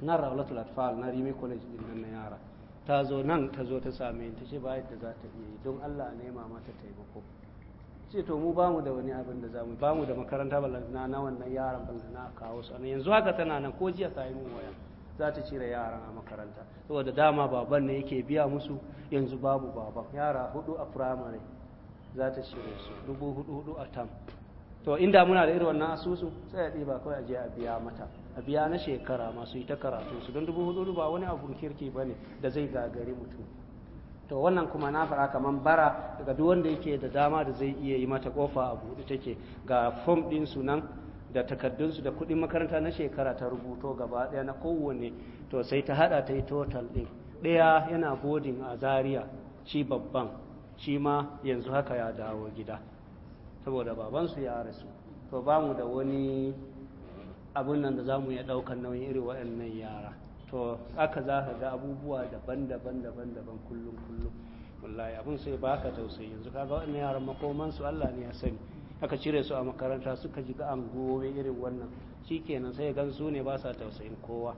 nan ranatul atfal na rimi college din nan na yara ta zo nan ta zo ta same ta ce ba yadda za ta iya yi don Allah a ma mata taimako ce to mu bamu da wani abin da zamu bamu da makaranta ballantana na wannan yaran ballantana a kawo su yanzu haka tana nan ko jiya ta yi mun wayan. za ta cire yaran a makaranta saboda dama baban ne yake biya musu yanzu babu baban yara hudu a firamare za ta cire su dubu hudu hudu a tam to inda muna da irin wannan asusu sai a ɗiba kawai a je a biya mata a biya na shekara masu ta karatu su don dubu hudu ba wani abun kirki ba ne da zai gagari mutum to wannan kuma na fara kamar bara daga duk wanda yake da dama da zai iya yi mata kofa a buɗe take ga fom ɗinsu nan da takardunsu da kuɗin makaranta na shekara ta rubuto gaba ɗaya na kowane to sai ta haɗa ta yi total ɗin ɗaya yana bodin a Zariya ci babban shi ma yanzu haka ya dawo gida saboda babansu ya rasu to ba mu da wani abun nan da za mu iya ɗaukar nauyin irin waɗannan yara to aka za ka ga abubuwa daban-daban daban-daban kullum kullum wallahi abun sai baka tausayi yanzu kaga waɗannan yaran makomansu Allah ne ya sani aka cire su a makaranta suka ji ga angowe irin wannan shikenan sai gan su ne ba sa tausayin kowa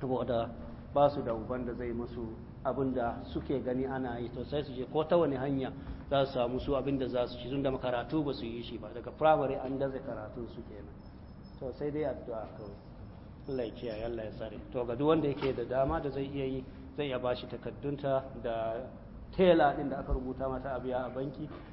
saboda ba su da uban da zai musu abin da suke gani ana yi to sai su je ko ta wani hanya za su samu su abin da za su ci tun da makaratu ba su yi shi ba daga primary an daze karatun su kenan to sai dai addu'a kawai Allah ya kiyaye Allah ya tsare to ga duk wanda yake da dama da zai iya yi zai iya bashi takaddunta da tela din da aka rubuta mata a biya a banki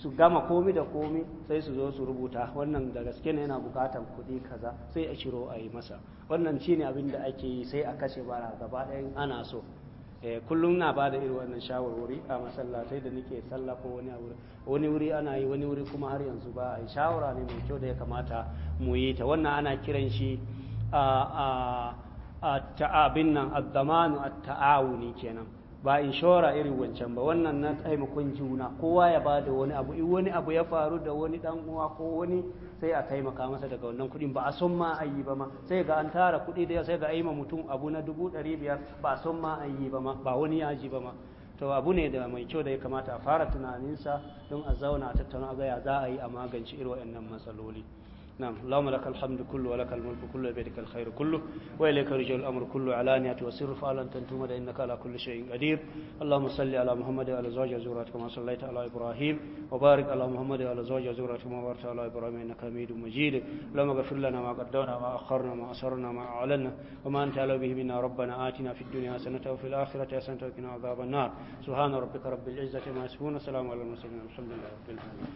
su gama komi da komi sai su zo su rubuta wannan da gaske ne yana bukatan kuɗi kaza sai a shiro a yi masa wannan shine abin da ake yi sai a kashe bara gaba ɗayan ana so eh, kullum na ba da irin wannan shawarwari a masallatai da nake sallah ko wani wuri wani wuri ana yi wani wuri kuma har yanzu ba a yi shawara ne mai kyau da ya kamata mu yi ta wannan ana kiran shi a abin nan a zamanu a ta'awuni kenan ba inshora irin wancan ba wannan na taimakon juna kowa ya ba da wani abu in wani abu ya faru da wani dan uwa ko wani sai a taimaka masa daga wannan kuɗin ba a son ma a yi ba ma sai ga an tara kuɗi da sai ga a yi ma mutum abu na dubu ɗari biyar ba a son ma a yi ba ma ba wani ya ji ba ma to abu ne da mai kyau da ya kamata a fara tunaninsa don a zauna a tattauna a ga ya za a yi a magance irin waɗannan matsaloli نعم اللهم لك الحمد كله ولك الملك كله وبيدك الخير كله وإليك رجع الأمر كله علانية وسر فعلا تنتم إنك على كل شيء قدير اللهم صل على محمد وعلى زوج زوراتك كما صليت على إبراهيم وبارك على محمد وعلى زوج زوراتك كما باركت على إبراهيم إنك حميد مجيد اللهم اغفر لنا ما قدرنا ما أخرنا ما أسرنا ما أعلنا وما أنت على به منا ربنا آتنا في الدنيا حسنة وفي الآخرة حسنة وقنا عذاب النار سبحان ربك رب العزة ما يصفون سلام على المرسلين الحمد لله رب العالمين